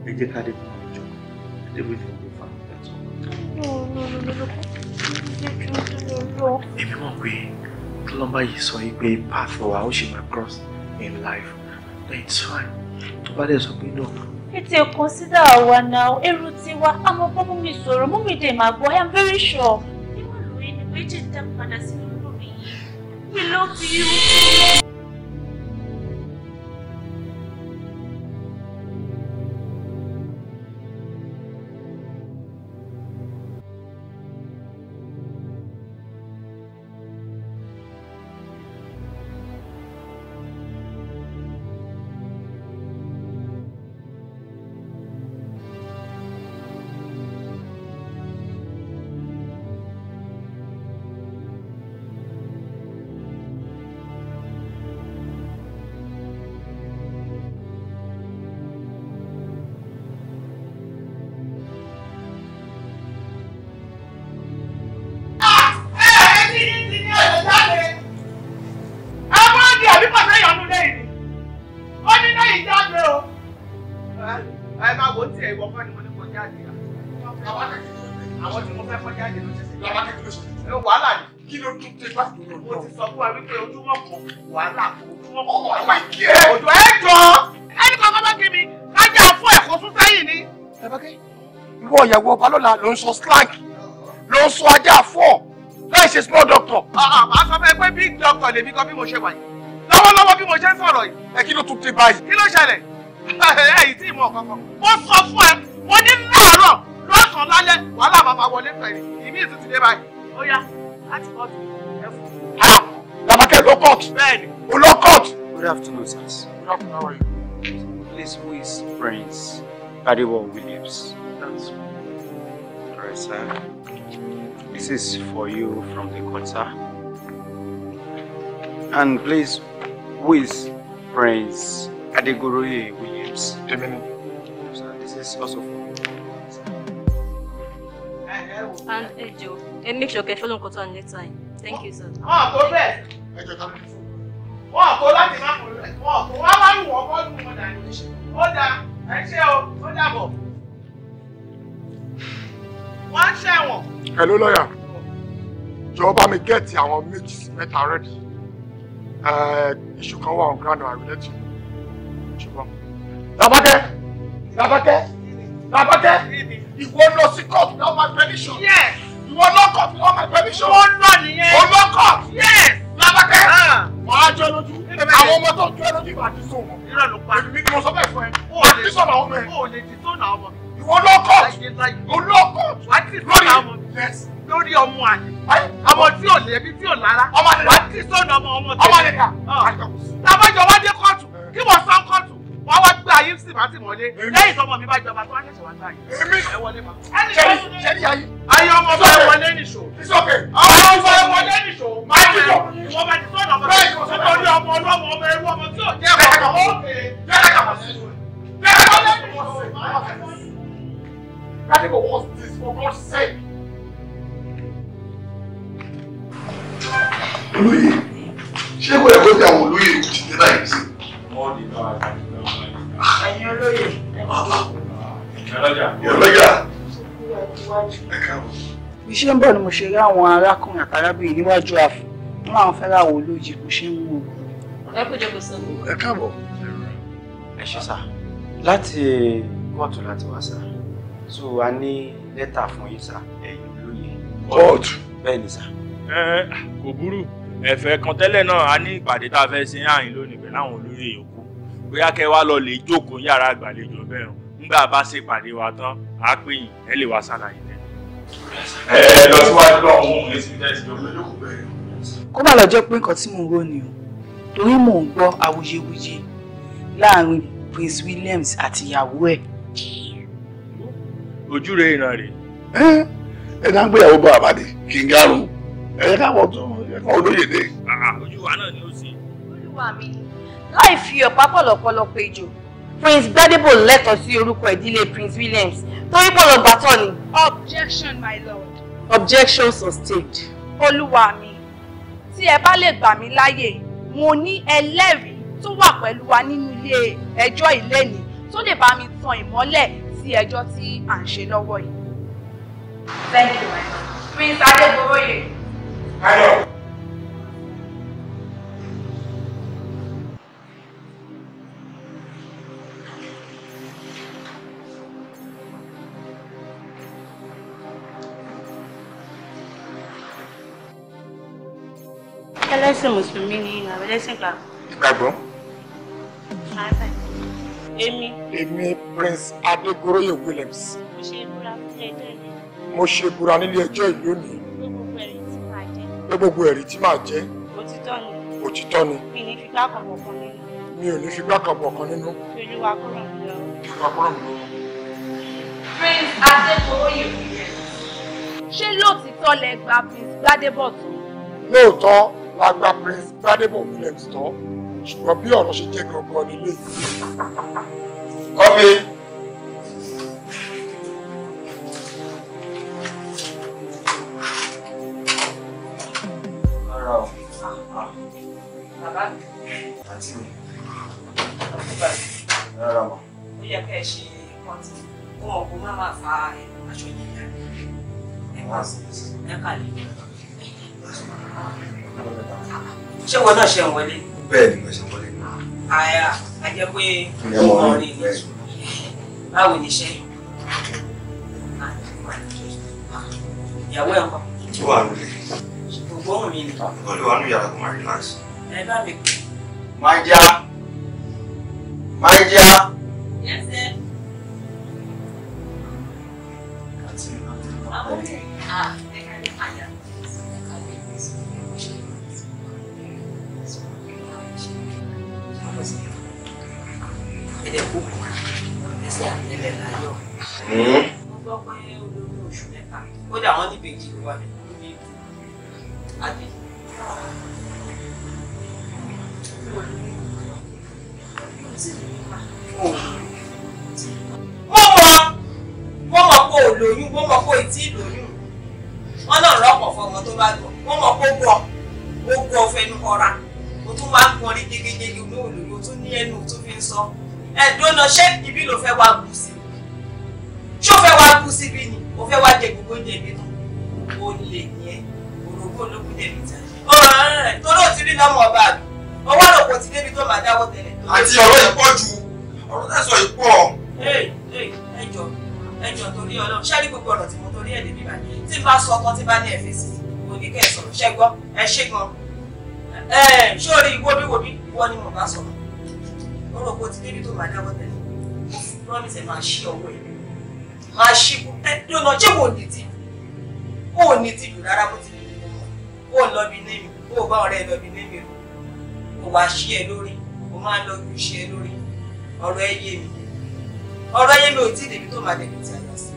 ẹ jẹ́ ká dé fún mi jọ dé bí fún mi fún mi tó. èmi mọ̀ pé tọ́lọ́mbà yìí sọ yìí pé path wa ó ṣe máa cross in life then it's fine tó bá dẹ̀ sọ pé no. ètò ìkọsídà wa náà ẹrù tiwa àmọ́ bọ́ mú mi sọ̀rọ̀ mú mi dè máa gbọ́ I am very sure. níwọ̀n lóye ni méjì ń dá padà sínú lómi yìí we love you. wàhálà ojú wàhálà ojú ẹ jọ ẹni kankan bá kí mi kájà fún ẹ̀kọ́ sún sẹ́yìn ni. ìwọ ìyàwó ọba lọ́la ló ń sọ slang ló ń sọ ajá fún ọ láì ṣe small doctor. àá sọ fún ẹ pé big doctor lèmi kan bí mo ṣe wà yìí lọ́wọ́lọ́wọ́ bí mo ṣe ń sọ̀rọ̀ yìí. ẹ kí ló tún dé báyìí. kí ló ṣẹlẹ̀ ẹyìn tí ìmọ̀ kankan. mo sọ fún ẹ mo ní láàárọ̀ lọ́sàn-án lálẹ́ wàhálà màmá wọlé fẹ̀yìn ìmí ìtútù dé báyìí. ó yá láti kọ́ tù olókọ̀t. bẹ́ẹ̀ni. olókọ̀t. good afternoon sir. good afternoon how please who is prince Tadebo Williams. that's all right sir. this is for you from the court sir. and please who is prince Adegoroye Williams. Amen. sir this is also for you. and ejo make sure you follow nǹkan tó à ní Thank you, sir. Ah, go rest ẹjọ́ tá ló ní fún wọn kó láti má kó wọn kó wá wá wù wọn kó lù wọn dànù ó da ẹ ṣe o ó dàbọ̀ wọ́n ń ṣẹ̀wọ̀n. ẹ ló lọ́yà jọ̀ọ́ mi gẹ́ẹ̀tì àwọn méjì sí mẹ́ta rẹ́dì iṣu kan wà ọ̀gá náà àrílẹ́tì ṣùgbọ́n. Làbákẹ́ Làbákẹ́ Làbákẹ́ ìwọ lọ sí court without my permission. Yes. Ìwọ lọ court without my permission. Wọ́n lọ nìyẹn. Olọ́kọ̀. Yes alábàkẹ́ ah! ah! wọ́n á jọ lójú àwọn ọmọ tó ń jọ lójú ìbàdí sọ wọn. irọ́ ló pa èmi ni mo sọ bẹ́ẹ̀ fún ẹ àti sọ̀rọ̀ àwọn ọmọ ẹ. o lè ti tó nà ọmọ mi. ìwọ lọ́kọ̀ olókọ̀ lórí lórí ọmọ àlè ọmọ tí ò lẹ́bi tí ò lára wá ti sọ̀nà ọmọ ọmọ tẹ̀lé. ọmọ àlè kà. Ah. tàbájọ wá dé kóòtù eh. kí wọ́n sọ kóòtù wọ́n wá gbé ayé sì bá ti mọ́lé lẹ́yìn tọmọ mi bá jọba tó wá ṣẹ̀ṣẹ̀ wá gbà èmi ẹ wọlé ma. ṣẹlí ṣẹlí ayé. ayé ọmọ bá wọlé nìṣó. ìsọkè ọmọ ọmọ wọlé nìṣó. má ti jọ. ìwọ bá ti tọ́nà ọmọ rẹ nítorí ọmọ ọlọ́mọ ọmọ ewu ọmọ tí ò jẹ́ ọmọ ọmọ bẹ́ẹ̀ ká sí ìṣó. bẹ́ẹ̀ ká sí olóyè ṣé kò yẹ kó ẹ̀yin olóyè ìrọ̀lọ́jà bí ṣe ń bọ̀ ni mo ṣe rí àwọn arákùnrin àtàrábìnrin níwájú ààfin wọn làwọn fẹ́ ráwọ̀ olójì bó ṣe ń wù ú. ẹ káàbọ̀. ẹ ṣe sá láti kóòtù láti wá sá so a ní lẹ́tà fún yín sá ẹ̀yin olóyè. kóòtù. bẹ́ẹ̀ sá. ẹ kò burú ẹ̀fẹ̀ kan tẹ́lẹ̀ náà a ní ìpàdé tá a fẹ́ ṣe àyìn lónìí pẹ̀lú àwọn olóyè yòókù. bóyá kẹ́ wá lọ lè jókòó yàrá àgbàlejò o nígbà bá ṣe pàdé wa tán á pè yín ẹ lè wá ṣàlàyé lẹ. ẹ lọ síwájú lọ òun òun èsì tẹ́sí ló fẹ́ lókùn bẹ́ẹ̀. kó má lọ pé nǹkan tí mò ń rò ni torí mò ń awuyewuye láàrin Prince Williams àti ìyàwó ojú rẹ rè. ẹ ah, ah, náà gbéyàwó bá àbádé kì í ẹ káwọ tó dé. láì fi ọ̀pá pọ̀lọ̀pọ̀lọ̀ pé jù Prince Gbadebo lẹ́tọ̀ọ́ sí orúkọ ìdílé Prince Williams torí pọ̀lọ̀gbà tọ̀ ni. Objection my lord. Objection sustained. Olúwa mi tí ẹ bá lè gbà mí láyè mo ní ẹlẹ́rìí tó wà pẹ̀lú wa nínú ilé ẹjọ́ ìlẹ́ni tó lè bá mi tan ìmọ́lẹ̀ sí ẹjọ́ tí à ń ṣe lọ́wọ́ yìí. Thank you my lord. Prince Adébóyè. Ayọ̀. ẹlẹ́sìn mùsùlùmí ni àbẹ̀lẹ́sìn gbà. ìgbàgbọ́. èmi. èmi prince adégoróyè williams. mo ṣe búra nílé ẹjọ́ yìí. mo ṣe búra nílé ẹjọ́ yìí lónìí. pé gbogbo ẹ̀rí tí màá jẹ́. òtítọ́ ni. òtítọ́ ni. mi ò ní fi gbá kan bọ̀kan nínú. mi ò ní fi gbá kan bọ̀kan nínú. olúwa kúrò mi lọ. olúwa kúrò mi lọ. prince adégoróyè williams ṣé lóòtítọ́ lẹ gba prince gbádébọ̀ tó. lóòótọ́ lágbà prince gbadebo claims tán ṣùgbọ́n bí ọ̀rọ̀ ṣe jẹ́ gangan nílé yìí. ọbẹ̀ ara o. bàbá mi. àti mi. bàbá mi. rárá ma. ó yẹ ká ẹ ṣe kọ́ńtì kó wọn kó má máa fa aṣọ yìí yá. ẹ ṣé wọn náà ṣe ń wọlé. bẹ́ẹ̀ ni mo ṣe wọlé. àyà ah, àjẹ pé mo mọ rí ni báwo ni ṣe. ìyàwó ẹ̀ kọ́. ó wà nílé. gbogbo ohun mi ni. olùwà ní yàrá kò máa relax. ẹ bá mi pè. máa já máa já. yẹsẹ. what tẹ máa ṣí ọwọ́ ẹ̀ máa ṣí ẹni ọ̀nà ṣé kò ní ti kò ní ti lù rárá bó ti lè lù mọ́ kò lọ bí nẹ́mi kò bá ọ̀rẹ́ lọ bí nẹ́mi rò kò wá ṣí ẹ lórí kò máa lọ bí ṣí ẹ lórí ọ̀rọ̀ ẹ yé mi ọ̀rọ̀ yé mi ò tí ì débi tó máa débi tí a yà sí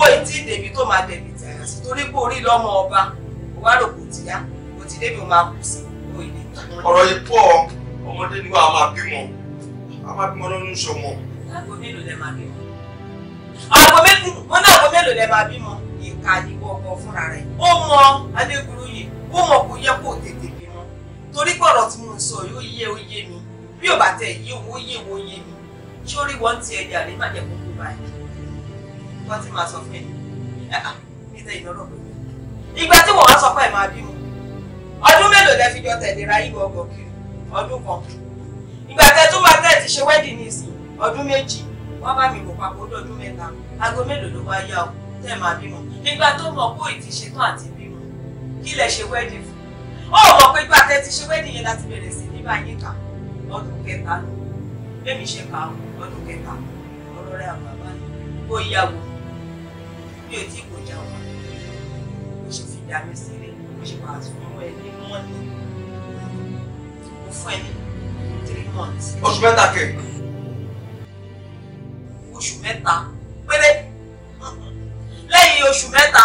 ó ì tí ì débi tó máa débi tí a yà sí torí pé orí lọ́mọ ọba kò wá rò kò yá kò ti débi máa kù sí kò ì ní. ọ̀rọ̀ yìí pọ̀ ọmọdé ni wàá máa bímọ máa bímọ lọ́nà ìṣọ̀mọ̀ aago mélòó lẹ máa bímọ aago mélòó wọn ní aago mélòó lẹ máa bímọ ìka ìwọ ọkọ fúnra rẹ ó mọ adéguruyi ó mọ kó yẹ kó tètè bímọ torí pé ọ̀rọ̀ tí mo ń sọ yóò yé ó yé mi bí ò bá tẹ yé owó yé wo yé mi sórí wọn ti ẹ̀dẹ̀ àlè má jẹ́ kókó báyìí wọ́n ti máa sọ fún ẹ̀ ẹ̀ẹ́dẹ̀ ìnáwó pẹ̀lú ìgbà tí wọ́n wá sọ pé ẹ̀ máa bímọ ọdún mélòó lẹ fi jọ tẹ̀lé ra ìwọ ọgọ kiri ọdún kan ìgbà tẹ tó máa tẹ̀ ti ṣe wẹ́dì ní ọdún méjì wọ́n bá mi wò papọ̀ lọ́dún mẹ́ta aago mélòó ló wá yá o tẹ́ máa bímọ nígbà tó mọ̀ pé òyì ti ṣetán àti bímọ kí lẹ ṣe wẹ́ẹ̀dì fún ó mọ̀ pé gbà tẹ́ ti ṣe wẹ́ẹ̀dì yẹn láti bẹ̀rẹ̀ sí ní báyìí kà ọdún kẹta ló bẹ́ẹ̀mí ṣe kà ó ọdún kẹta ọ̀rọ̀ rẹ̀ àbàbà ni ó yá o mi ò tí kò já o mo ṣe fi dá mi sílẹ̀ mo ṣe pàṣẹ fún ẹ ní mọ́ni mo fún ẹ ní three months. oṣù mẹ́ta kẹ́ẹ̀ oṣù mẹ́ta péré lẹ́yìn oṣù mẹ́ta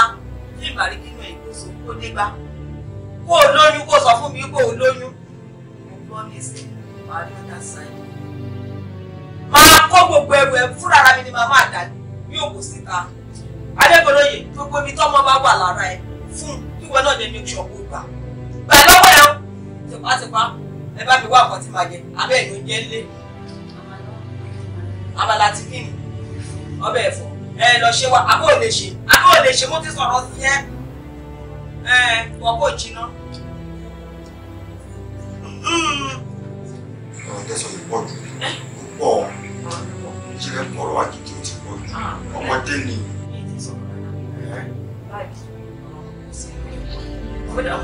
ní ìbàrí kínú ìgbésò kó dégbà kó o lóyún kó o sọ fún mi kó o lóyún mo gbọ́ ní ìsìn wàá rí ọ̀dà sáyẹn máa kó gbogbo ẹrù ẹ fúnra ara mi ni màá máa dà ní òkú síta adékolóye gbogbo ibi tọ́mọ bá wà lára ẹ fún ìwọ náà lè ní oṣù ọ̀pọ̀ gbà gbà lọ́wọ́ ẹ tipátipá ẹ bá mi wá nǹkan tí màá jẹ abẹ́ ìlú jẹ́ lé abala ti kí ni ọbẹ̀ ẹ̀fọ́ ẹ lọ ṣe wá abó lè ṣe abó lè ṣe mo ti sọ̀rọ̀ yẹn ẹ wọ́n kò jiná. ọ̀rọ̀ tẹ̀sán ti pọ̀ jù pọ̀ ìṣẹ̀lẹ̀ pọ̀rọ̀ àjèjì ó ti pọ̀ jù ọmọdé ni. kódà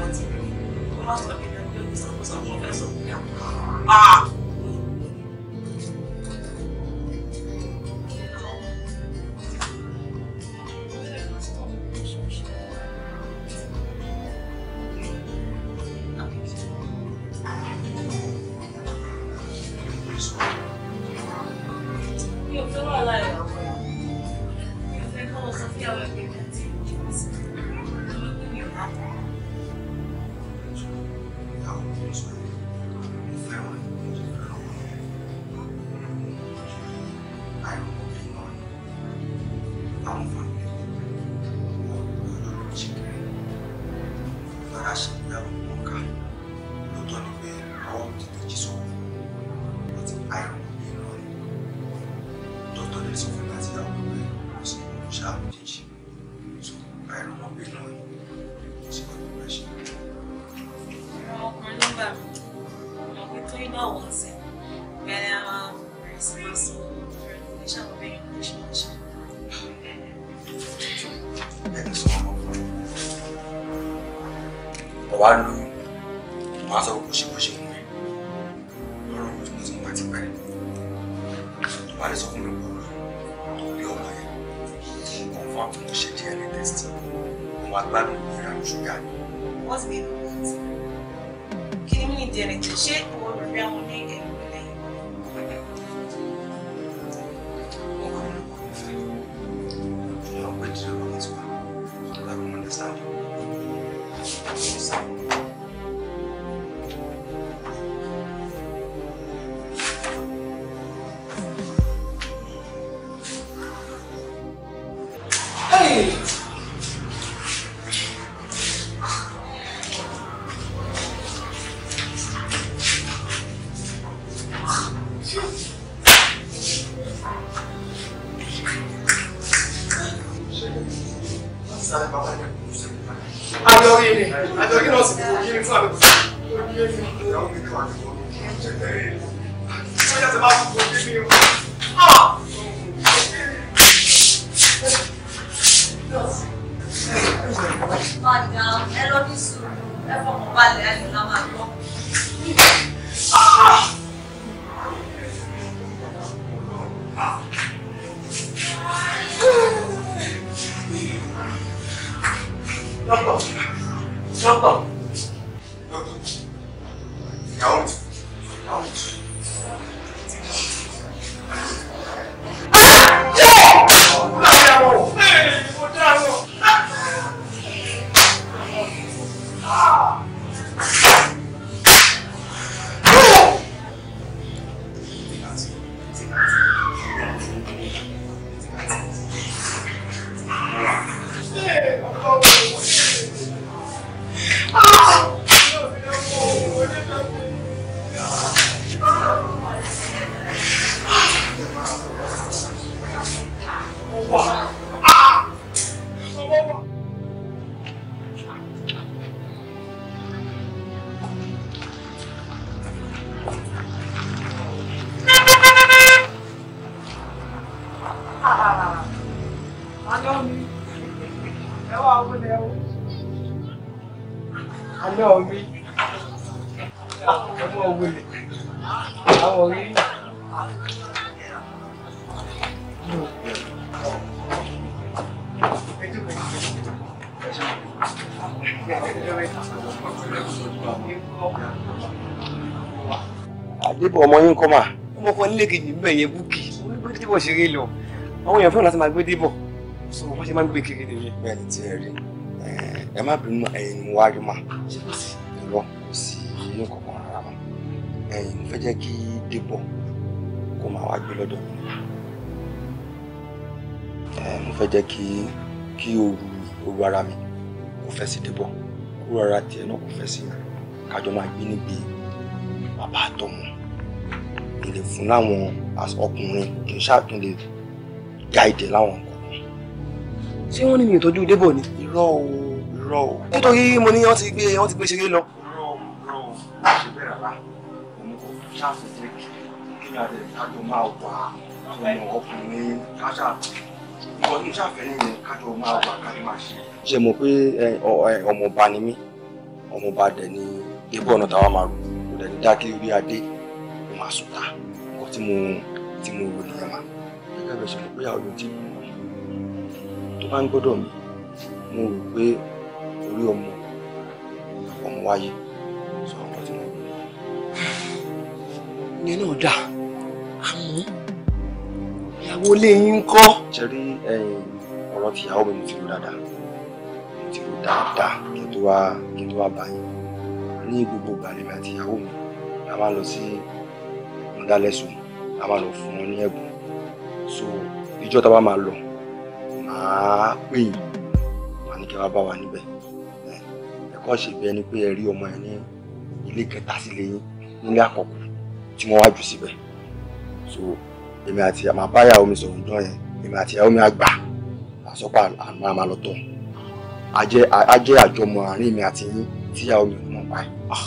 waduh Instagram. yẹn búkì gbé débọ̀ ṣe rí lọ àwọn èèyàn fẹ́ràn láti máa gbé débọ̀ so wọ́n ṣe máa ń gbé kiri nìyẹn. bẹ́ẹ̀ni tí ẹ rí ẹ má bínú ẹ̀yin ni wàá rí mà ẹrọ kò sí inú kankan rárá mà ẹ̀yin mo fẹ́ jẹ́ kí débọ̀ kó máa wá gbé lọ́dọ̀ mi mo fẹ́ jẹ́ kí kí ooru ooru ara mi kò fẹ́ sí débọ̀ kúrò ara tiẹ̀ náà kò fẹ́ sí kájọ máa gbé nígbè yìí fún láwọn ọkùnrin kì í ṣáà kí n lè gáìdẹ̀ láwọn ọkùnrin. ṣé wọ́n ní mi ìtọ́jú débọ̀ ni. irọ́ o irọ́ o. nítorí mo ní wọ́n ti gbé wọ́n ti gbé ṣeré lọ. irọ́ o irọ́ o ṣe bẹ́ẹ̀ rárá òun kò ṣáà fi ṣe kí ni àti kájọ máa wà ọmọ ọkùnrin kájà nǹkan tó ṣàfẹ́ kájọ máa wà kájọ máa ṣe. ṣe mọ̀ pé ọmọọba ni mí ọmọọba dẹ̀ ni débọ̀ ọ̀nà táwa máa rò kò dẹ̀ ní dákìrí adé ó máa sùn ta tí mo tí mo wò nìyẹn mà gẹ́gẹ́ bẹ́ẹ̀ ṣe rò pé àwọn ti mú mi tó bá ń gbọ́dọ̀ mi mo rò pé orí ọmọ ọmọ wáyé sọ ọkọ tí mo wò. ìyẹn náà dà àmọ́ ìyàwó lẹ́yìn ń kọ́. ṣe rí ọ̀rọ̀ tìyàwó mi ti rò dáadáa mo ti rò dáadáa kí n tó wá kí n tó wá báyìí ní gbogbo ìgbà àti ìyàwó mi a máa lọ sí ọ̀dálẹ́sùn a máa lọ fún wọn ní ẹ̀bùn so ìjọ tá a bá máa lọ màá pè yín màá ní kí wọ́n bá wa níbẹ̀ ẹ̀kọ́ ṣe bí ẹni pé ẹ rí ọmọ ẹ ní ilé kẹta sílé yín nílé àkọ́kù tí wọ́n wá jù síbẹ̀ so èmi àti àmà báyàwó mi sọ̀rọ̀ dán yẹn èmi àti ìyàwó mi àgbà àsọ́pà àmọ́ àmà lọ tọ̀ ajẹ́ àjọmọ̀ àárín mi àti yín tíyàwó mi ò mọ̀ báyìí. Ah.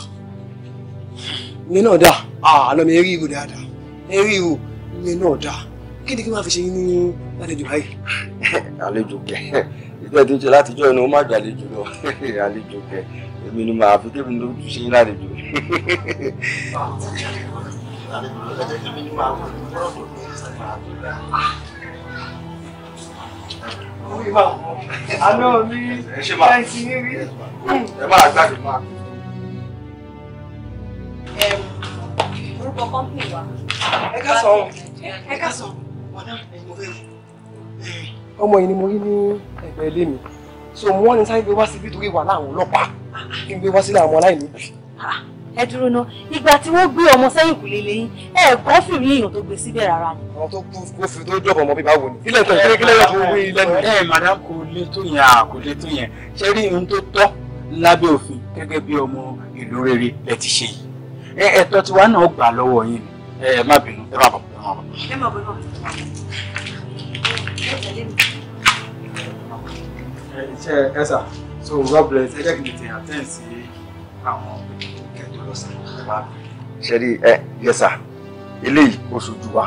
mi náà dà ah, àlọ́ mi rí ìgò dáadáa ẹ̀rí o ìyẹn náà dáa kí ni kí n máa fi ṣe yín ní àlejò báyìí. àlejò kẹ ìgbà tó ṣe látijọ́ ni wọ́n má gbà àlejò lọ àlejò kẹ èmi ni màá fi kébì ló ṣe yín lálejò. Àlọ́ mi, ẹ ṣe máa gbádùn máa. orúkọ kọ́mpìnì wa. ẹ ká sọ eh, ọmọ yìí ni mo rí ní ẹgbẹ́ ilé mi so mo wọ́n ní sáré gbé wá síbi torí wà láwọn ọlọ́pàá kí n gbé wá sílẹ̀ àwọn aláìní bì. ẹ dúró ná ìgbà tí wọ́n gbé ọmọ sẹ́yìn kù lélẹ̀ yín ẹ kọ́ fìrí èèyàn tó gbé síbẹ̀ rárá ni. àwọn tó kú kó fi tó jọ̀bọ̀ ọmọ bíbá wò ni. ilé ìtàn kílé kílé yóò fún wí lẹ́nu. ẹ eh, eh, madam kò lè tó yẹn à ah, kò lè tó yẹn ṣe rí ohun tó tọ́ lábẹ́ òfin gẹ́gẹ́ bí ọmọ ìlú rere lẹ ti ṣe yìí ẹ̀tọ́ tiwa náà gbà lọ́wọ́ yín ni ẹ má bínú ẹ má bọ̀ ẹ má bọ̀. ẹ má bọ̀ náà. ṣe ẹ sà so God bless ẹ jẹ́ kí n tètè attend sí àwọn kẹjọ lọ́sàn ẹ má bẹ̀. ṣe rí ẹ yẹ sà eléyìí ó ṣojú wa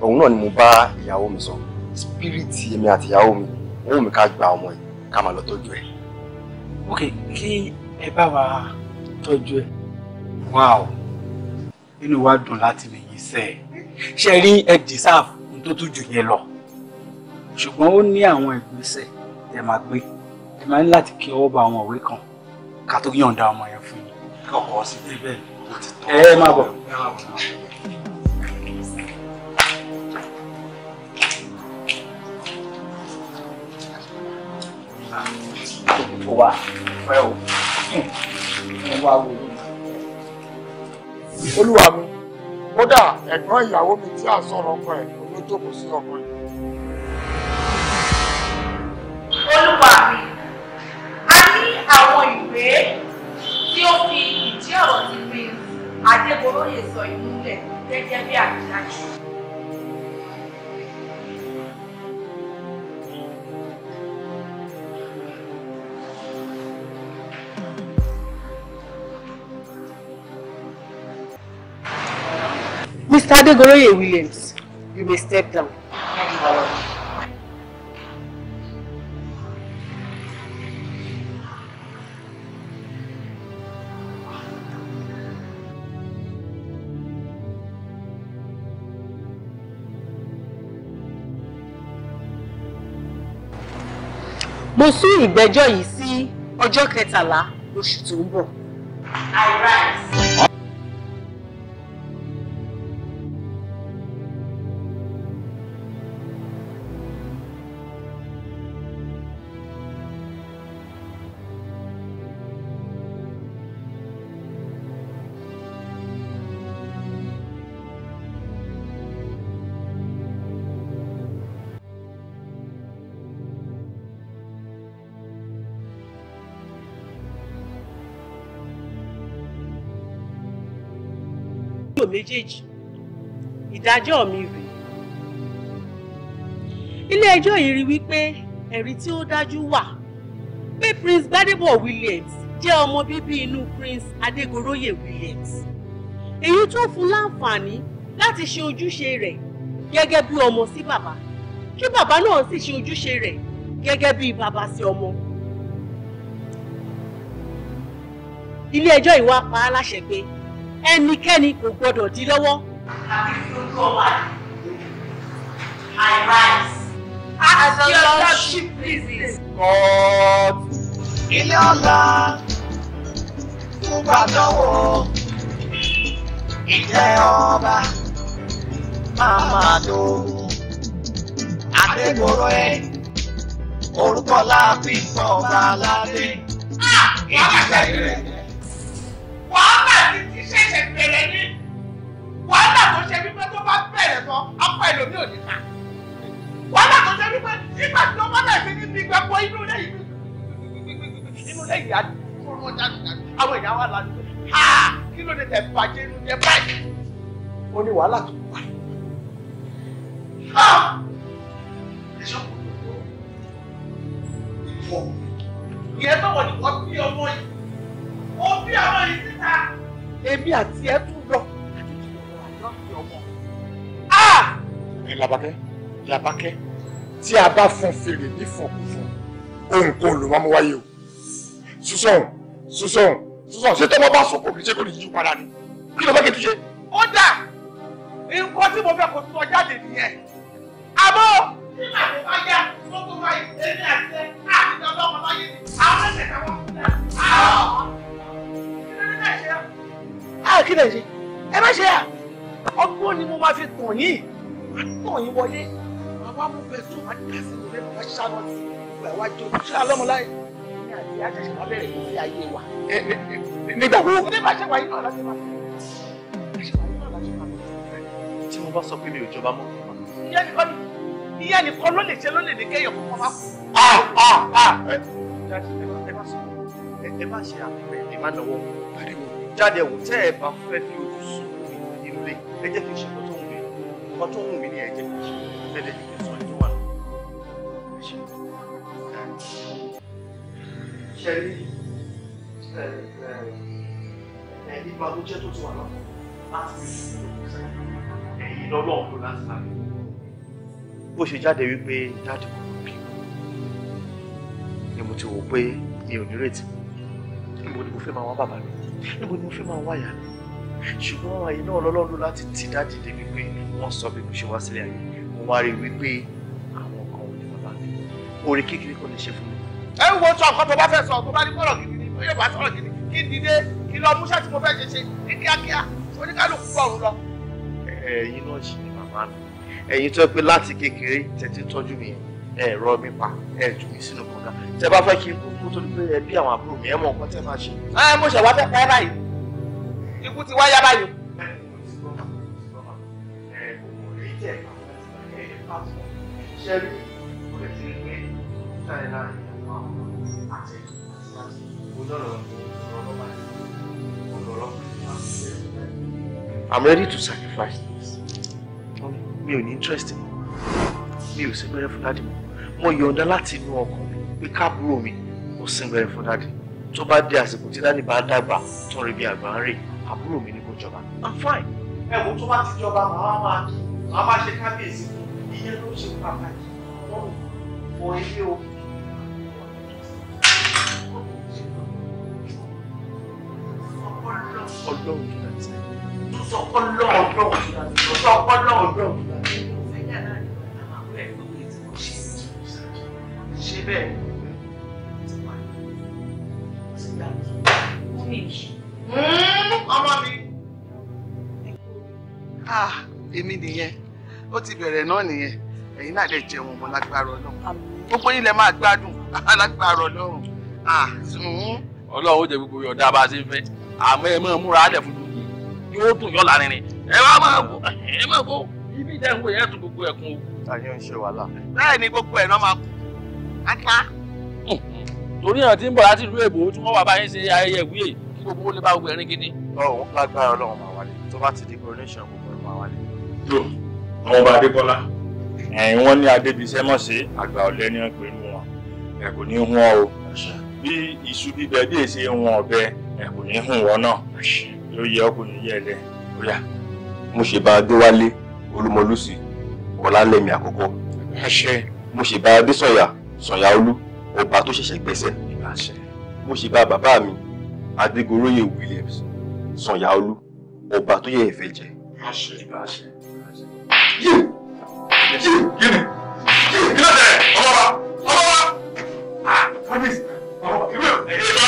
òun náà ni mo bá ìyàwó mi sọ spiriti èmi àti ìyàwó mi òun mi ká gba ọmọ yìí ká máa lọ tọ́jú ẹ. ok kí ẹ bá wa tọ́jú ẹ wow inú wa dùn láti lè yí sẹ́ ẹ̀ ṣe rí ẹ deserve ohun tó tún jù yẹn lọ ṣùgbọ́n ó ní àwọn ìgbésẹ̀ tẹ máa gbé ẹ máa ní láti kí ọwọ́ bá àwọn òwe kan ká tó yọ̀ǹda ọmọ yẹn fún yín kọ̀ọ̀kan sí níbẹ̀ ẹ ẹ má bọ̀ ẹ má bọ̀. wa fẹ́ o wá wo olúwa mi kódà ẹ̀gbọ́n ìyàwó mi tí à ń sọ̀rọ̀ ọkọ ẹ̀ ló jókòó sí ọkọ ẹ̀. olúwa mi a ní àwọn ìwé tí ó fi ìdí ọ̀rọ̀ ti prince adégoróyè sọ ìmúlẹ̀ gẹ́gẹ́ bí àbídájú. Mr. Adegoroye Williams, you may step down. Mo sún ìgbẹ́jọ́ yìí sí ọjọ́ kẹtàlá oṣù tó ń bọ̀. I rise. méjèèjì ìdájọ́ mi rèé ilé-ẹjọ́ yìí rí wípé ẹ̀rí tí ó dájú wà pé Prince Gbadebo Williams jẹ́ ọmọ bíbí inú Prince Adégoróyè Williams èyí tó fún láǹfààní láti ṣe ojúṣe rẹ̀ gẹ́gẹ́ bí ọmọ sí bàbá kí bàbá náà sì ṣe ojúṣe rẹ̀ gẹ́gẹ́ bí bàbá sí ọmọ. ilé-ẹjọ́ yìí pa á láṣẹ pé ẹnikẹ́ni kò gbọdọ̀ dí lọ́wọ́. àbí fojú ọba I rise. as your lordship pleases. God. ilé ọ̀la fún gbàdánwò ìjẹ́ ọba máa máa tó àdégbòrò ẹ orúkọ láàfin sọ ọba aládé ah! ìdílé rẹ ṣẹ̀ṣẹ̀ bẹ̀rẹ̀ ní wàhálà tó ṣe wípé tó bá bẹ̀rẹ̀ sọ ọkọ ẹlòmí ò ní ká wàhálà tó ṣe wípé nígbà tí wọ́n bẹ̀rẹ̀ sí ní ti gbẹ̀pọ̀ inú ilé yìí inú ilé yìí àdúgbò wọn jáde jáde àwọn èèyàn wà ládùúgbò ha kí ló dé tẹ̀ bàjẹ́ inú jẹ báyìí ó ní wàhálà tó wà ha ẹ̀ṣọ́ kò ní kó ìfọ̀ ìyẹn tó wọ̀ ní wọ́n bí ọmọ yìí ó bí ọmọ yìí síta èmi àti ẹ tún lọ láti fi ọ̀rọ̀ àjọyọ̀ ọmọ. ẹ làbákẹ́ làbákẹ́ tí a bá fọn fèrè ní fọkùnfọn ohun kan ló máa mú wáyé o sùsọ̀hún sùsọ̀hún sùsọ̀hún ṣé tọ́mọ bá sọ̀kò kì í ṣe kò ní yí padà ni kí ló bá kẹ́ tó ṣe. ó dà nǹkan tí mo fẹ́ kó tún jáde nìyẹn àmọ́ nígbà tó bá yá tó tó bá yẹ èmi àti ẹ àti ìjọba ọmọ bá yé mi àwọn ẹ̀ṣẹ̀ kan wọ́n fún mi á kí lè ṣe ẹ má ṣe à ọgbọ́n ni mo máa fi tàn yín tàn yín wọlé àwọn amúgbẹ tó máa dá sí ìwé lọ́wọ́ ṣáná sí ìgbà iwájú ṣáà lọ́mọláyé ní àti àṣẹṣẹ wọn bẹ̀rẹ̀ ní ilé ayé wa. nígbà wo. ní bá ṣe wà yín náà láti máa tí mo bá sọ pé mi ò jọba mọ́. ìyá nìkan ni ìyá nìkan ló lè ṣe ló lè ní kéèyàn kọ́kọ́ máa kú. ẹ má ṣe àpẹẹrẹ ẹ má náwó jáde wò tẹ́ ẹ bá fẹ́ fi ojú sùn mí ilé ẹ jẹ́ kí n ṣe nǹkan tó wù mí nǹkan tó wù mí ni ẹ jẹ́ kí wà lọ́wọ́ ṣe ṣe rí ẹni tó jẹ́ tó ti wà lọ́wọ́ láti fi sùn ẹ̀yìn lọ́wọ́ ọ̀hún láti máa fi bó ṣe jáde wípé dáàdì kò bí ni mo ti wò pé mi ò ní retí ni mo fẹ́ máa wá bàbá lọ níbo ni mo fẹ́ máa wáyà ṣùgbọ́n àyè náà lọ́lọ́run láti ti dájú débi pé wọ́n sọ bí mo ṣe wá sílẹ̀ ayé mo wá rí wípé àwọn kan ò ní wọn bá mi orí kékeré kan lè ṣe fún mi. ẹ ń wo sọ nǹkan tó bá fẹ́ sọ tó bá ní bọ́ọ̀lù gidi ni yóò bá sọ̀rọ̀ gidi kí n dìde kí n lọ múṣẹ́ tí mo fẹ́ ṣe ṣe ní kíákíá oníkálukú bọ̀rù lọ. ẹ̀yin náà ṣì ní màmá mi ẹ̀yin tó pé láti kékeré tẹ́tí ẹ mi pa ẹ jù mí sínú kọ̀ọ̀kan tẹ bá fẹ́ kí n kú kú tó pé ẹbí àwọn àbúrò mi ẹ mọ nǹkan tẹ máa ṣe. ẹ mo ṣe wá fẹ́ pa báyìí ikú ti wá yá báyìí. I'm ready to sacrifice this. Me, ò ní interest mi ò sí pẹ́rẹ́ mo yọ̀ǹda láti inú ọkàn pé káàbúrò mi kò sin fún dáàdì tó bá dé àsìkò tí dáàdì bá dàgbà tó rí bí àgbà ń rè àbúrò mi ni kò jọba i'm fine. ẹ̀wọ̀n tó bá ti jọba màá máa kí màá máa ṣe kábíyèsí ìyẹn ló ṣe pàtàkì lọ́rùn fún ilé o. ọlọ́run tó dáa ti sọ ọlọ́run ọlọ́run tó dáa ti sọ ọlọ́run ọlọ́run tó dáa ti sọ. ṣe bẹ́ẹ̀. ọmọ mi. Ah, èmi nìyẹn ó ti bẹ̀rẹ̀ náà nìyẹn ẹ̀yin náà lè jẹun ọmọ lágbára ọlọ́run gbogbo yín lè máa gbádùn ah, lágbára ọlọ́run ah, hmm. ọlọ́run ó jẹ gbogbo ọ̀dà bá a ṣe fẹ́ àmọ́ ẹ máa múra alẹ̀ fún lóye yóò dùn yọ̀ láàrin ni ẹ wá máa wò ẹ máa wò ibi ìdẹ́hùn yẹn tún gbogbo ẹ̀kún o. àyè ń ṣe wàhálà. bẹ́ẹ̀ ni gbogbo ẹ̀ náà máa kú àdìmá. Hmm. torí náà tí ń bọ̀ láti ìlú èbó tí wọ́n wà báyìí ṣe ayẹyẹ ìwúyè kí gbogbo lè bá gbogbo ẹ̀rín gidi. ọ̀hún lágbára ọlọ́run máa wálé tó bá ti di coronation gbogbo ẹ̀ máa wálé. yóò àwọn ọba adékọlá ẹ̀yìn wọn ní adébíṣẹ́ mọ̀ sí àgbà ọ̀lẹ́ ní ọ̀pẹ̀ inú wọn ẹ̀ kò ní hún ọ o bí iṣu bíbẹ bí èsì hun ọ̀bẹ ẹ̀ kò ní hún wọn náà ló yẹ ọkùnrin yẹ lẹ ó yà. mo ṣe bá adéwálé olúmọlúsì ọ̀làlẹ́mì àkọ́kọ́ mo ṣe bá adésọ̀yà Sànyáolú ọba tó ṣẹ̀ṣẹ̀ gbẹ́sẹ̀ mo ṣe bá bàbá mi Adégoróyè Williams Sànyáolú ọba tó yẹ ẹ̀fẹ̀ jẹ. yé yé yé ni ìlú tẹ ọmọ wa ọmọ wa ah kábíyèsí ọmọ ìlú ìgbàlẹ́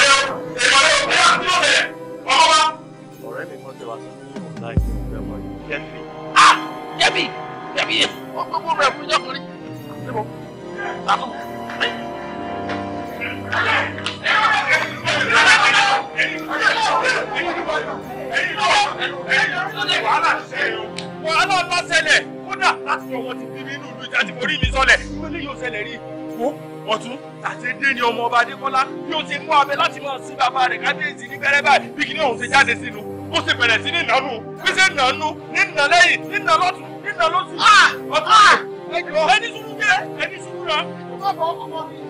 wàhálà bá ṣẹlẹ̀ kódà láti sọ wọn ti fi nínú ìlú ìjà tí mo rí mi sọlẹ̀ ìwé lè yóò ṣẹlẹ̀ rí ìfò ọ̀tún àtẹ̀dé ni ọmọ ọba adékọ́lá bí ó ti mú abẹ láti máa sí bàbá rẹ̀ kábíyèsí ní bẹ̀rẹ̀ báyìí bí kìnìún ọ̀hún ṣe jáde sínú ó sì bẹ̀rẹ̀ sí ní ìnánú bí ṣe ìnánú nínà lẹ́yìn nínà lọ́tún nínà lọ́tún ah! ọ̀tún ah! ẹni sùúrù jẹ́ ẹni sùúrù rẹ̀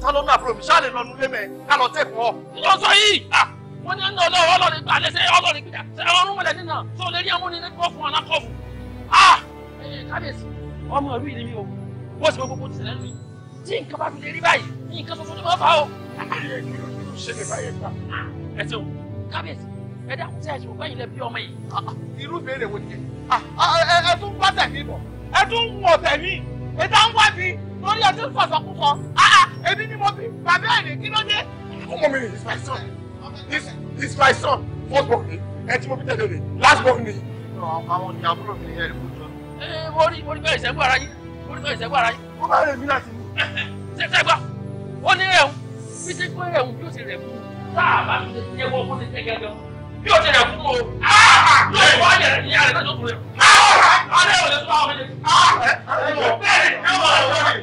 ta ló ní àbúrò mi ṣáà lè lọ nulẹ̀ mẹ́ ká lọ tẹ̀ fún ọ. lọ sọ yìí ah, wọn ní ẹnu ọlọ́run ọlọ́run gbà lẹ́sẹ̀ ọlọ́run gbà ọrùn mọlẹ nínà tó lè rí amúnilẹ kọ fún ọlá kọfù. kábíyèsí ọmọ ìlú ìlú mi o bó ṣe gbogbo ti ṣẹlẹ̀ mi tí nǹkan bá fi lè rí báyìí nǹkan tuntun ni wọn fà o. ṣé mi báyẹn gbà. ẹ ṣeun kábíyèsí ẹ dákun sí ẹṣin ògbẹ́yìn lẹ bí ọmọ yìí. Ah, irú béèrè wo ni ah, ẹ tún bá tẹ̀ mí bọ̀ ẹ tún wọ̀ tẹ̀ mí ètò ń wá bí lórí ọdún kọ̀sọ̀kúkọ ah, ah, èmi ni mo bí bàbá ẹ̀ kí ló dé. ọmọ mi ni he's my son he's, he's my son first born ni ẹ tí mo fi tẹ̀lé ni last born ni. àwọn ìyá àbúrò mi ni ẹ̀rì kò jọ. ẹ mo rí mo rí bẹ́ẹ̀ ìṣẹ́gun ara yín mo rí bẹ́ẹ̀ ìṣẹ́gun ara yín. ó bá rẹ̀ mí láti ní. ṣe ṣe gbọ́ ó ní ẹ̀hún bí ṣe gbọ́ ẹ̀hún bí ó ṣe rẹ̀ mú táà bá ti ṣe ẹ̀wọ̀ kó ti ṣe gẹ́gẹ́ bí o ti rẹ̀ kú o wá yẹ ìyá rẹ̀ sẹ́jọ́ tó rẹ̀ alẹ́ ò lè sọ àwọn méjèèjì bẹ́ẹ̀ ni ẹ wà lọ́wọ́ rẹ̀.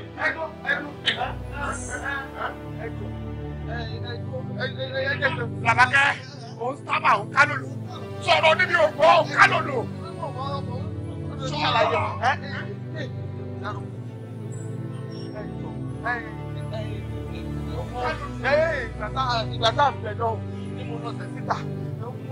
Làbákẹ́ òun sábà òun kálòlò sọ̀rọ̀ níbi òkú òun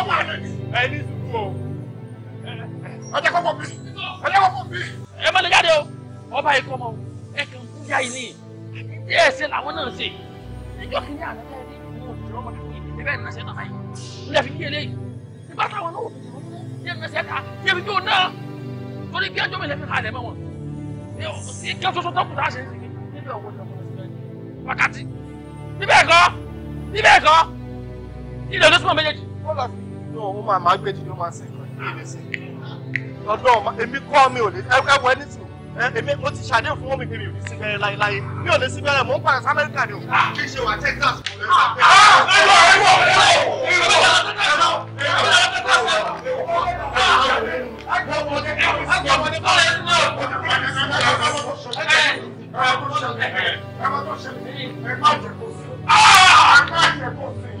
ọmọ àná ni ẹni sùkú o. ọjà kọ́kọ́ bí ọjà kọ́kọ́ bí. ẹ má lè jáde o ọba yìí kọ́ mọ ẹ kàn ń kúyà yìí ní bí ẹ ṣe làwọn náà ṣe ẹjọ́ kìíní àná ẹ ní ìlú òṣèré ọmọdé fún yìí ẹ bẹ́ẹ̀ ní ẹsẹ̀ náà báyìí ní ẹ̀fín yẹlẹ yìí nígbà táwọn náà òfin ìlú fún yẹn ní ẹsẹ̀ ká yẹbi tó náà torí bí ẹjọ́ mi lẹ́fẹ̀ẹ́ ká lẹ́mọ̀ wọn ìkan ṣoṣo tó kù tá a ṣe é ṣe ilé ló súnmọ́ méjèèjì. wọ́n lọ inú òun máa máa gbèjì ló máa ṣe nǹkan ní ilé sí èmi kọ́ mi ò lè ẹwọ ẹni tù èmi ó ti ṣàdéhùn fún mi mi ò lè sí bẹ́ẹ̀ láéláé mi ò lè sí bẹ́ẹ̀ mọ̀ ń padà sí amẹ́ríkà ni o ah, kì í ṣe wà texas kò lè sá pé. Ah! ah, ah!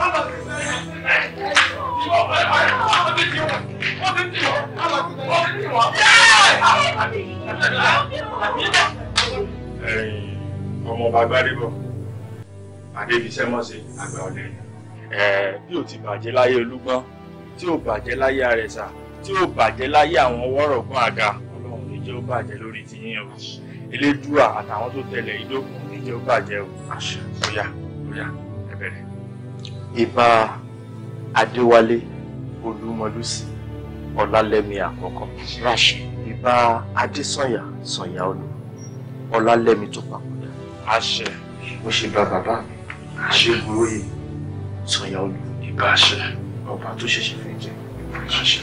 ọmọ ọba gbádébọ̀ adébísẹ́mọ́sí àgbà ọ̀lẹ bí ò ti bàjẹ́ láyé olúgbọ́n tí ò bàjẹ́ láyé àrẹ̀sà tí ò bàjẹ́ láyé àwọn wọ́rọ̀gún àga ọlọ́run lè jẹ́ ó bàjẹ́ lórí tiyín o elédùà àtàwọn tó tẹ̀lé idó lè jẹ́ ó bàjẹ́ o àṣà ó yá ó yá ẹ bẹ̀rẹ̀. Ìbà Adéwálé Olúmọlúsì Ọlálẹ́mí àkọ́kọ́. Ráṣẹ. Ìbà Adésànyà Sànyà Olú Ọlálẹ́mí tó papòdà. Àṣẹ. Mo ṣe bá bàbá mi. Àṣẹ gbòòyè. Sànyà Olú. Ìbà àṣẹ. Ọba tó ṣẹ̀ṣẹ̀ fẹ́ jẹ. Àṣẹ.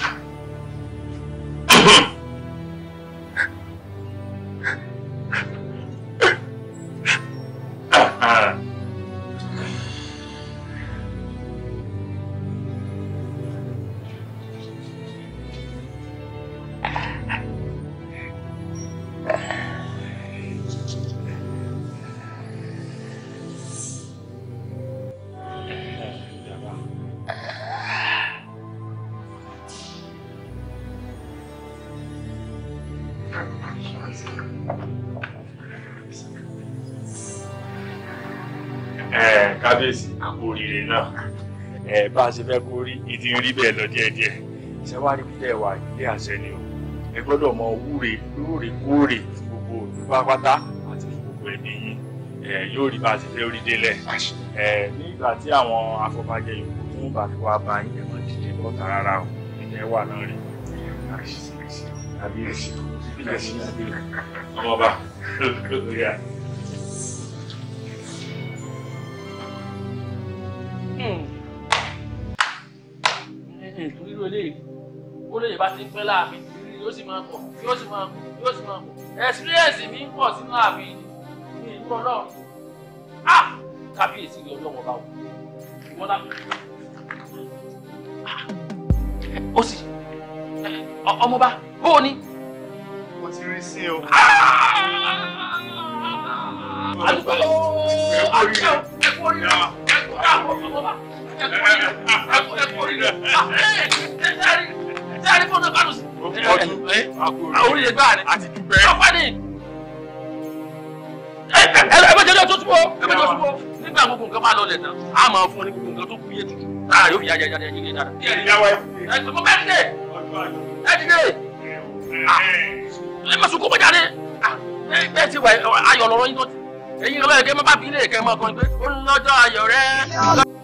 bá a ṣe fẹ́ kó rí ìdí rí bẹ́ẹ̀ lọ díẹ̀díẹ̀ ìṣẹ́wárí bílẹ̀ wà ilé àṣẹ ni o ẹ gbọ́dọ̀ mọ wúre lóòrèkóòrè fún gbogbo òdú pápátá àti fún gbogbo ẹ̀mí yín ẹ yóò rí bá a ṣe fẹ́ rí délẹ̀ ẹ nígbà tí àwọn afọbajẹ yòókù tó ń bà fi wá bá yín ẹ̀mọ́ dìde bọ́ta rárá o ìdẹ́ wà náà rí kábíyèsí ọmọọba lórí ní pẹ́ láàfin yóò sì máa pọ̀ yóò sì máa pọ̀ yóò sì máa pọ̀ experience mi ń pọ̀ sínú ààfin ní ìlú ọlọ́run ah kábíyèsí ni ọlọ́wọ́ bá wù wọ́n lábẹ́ ó sì ọmọba bó o ní. mo ti rí sí o. àdúgbò àdúgbò orí rẹ̀ ẹ̀kú káàbọ̀ ọmọba ẹ̀kú orí rẹ̀ ẹ̀kú orí rẹ̀ ẹ̀kú orí rẹ̀ tí a ní fóònù kánú sí. ọdún àwọn orílẹ̀ gbáà ni. àti dúpẹ́. sọ́fàdì. ẹ ẹ bẹ́ẹ̀ jẹ́jọ́ tó túbọ̀ ẹ bẹ́ẹ̀ jọ túbọ̀ nígbà gbogbo nǹkan máa lọ lẹ̀ tán a máa fún ọ ní gbogbo nǹkan tó kú yé tutù tára yóò fi yájà yájà yín lé dáadáa. ẹ ẹ mo bẹ́ẹ̀ dìde ẹ dìde ẹ mọ̀ sunkún mọ̀jáde bẹ́ẹ̀ ti wà ayọ̀ lọ́rọ́ yín tó ti ẹ̀yin ọlọ́yẹ̀kẹ́ má bá fi ilé ìkẹ́ mọ́ kan pé ó ń lọ́jọ́ ayọ̀ rẹ̀.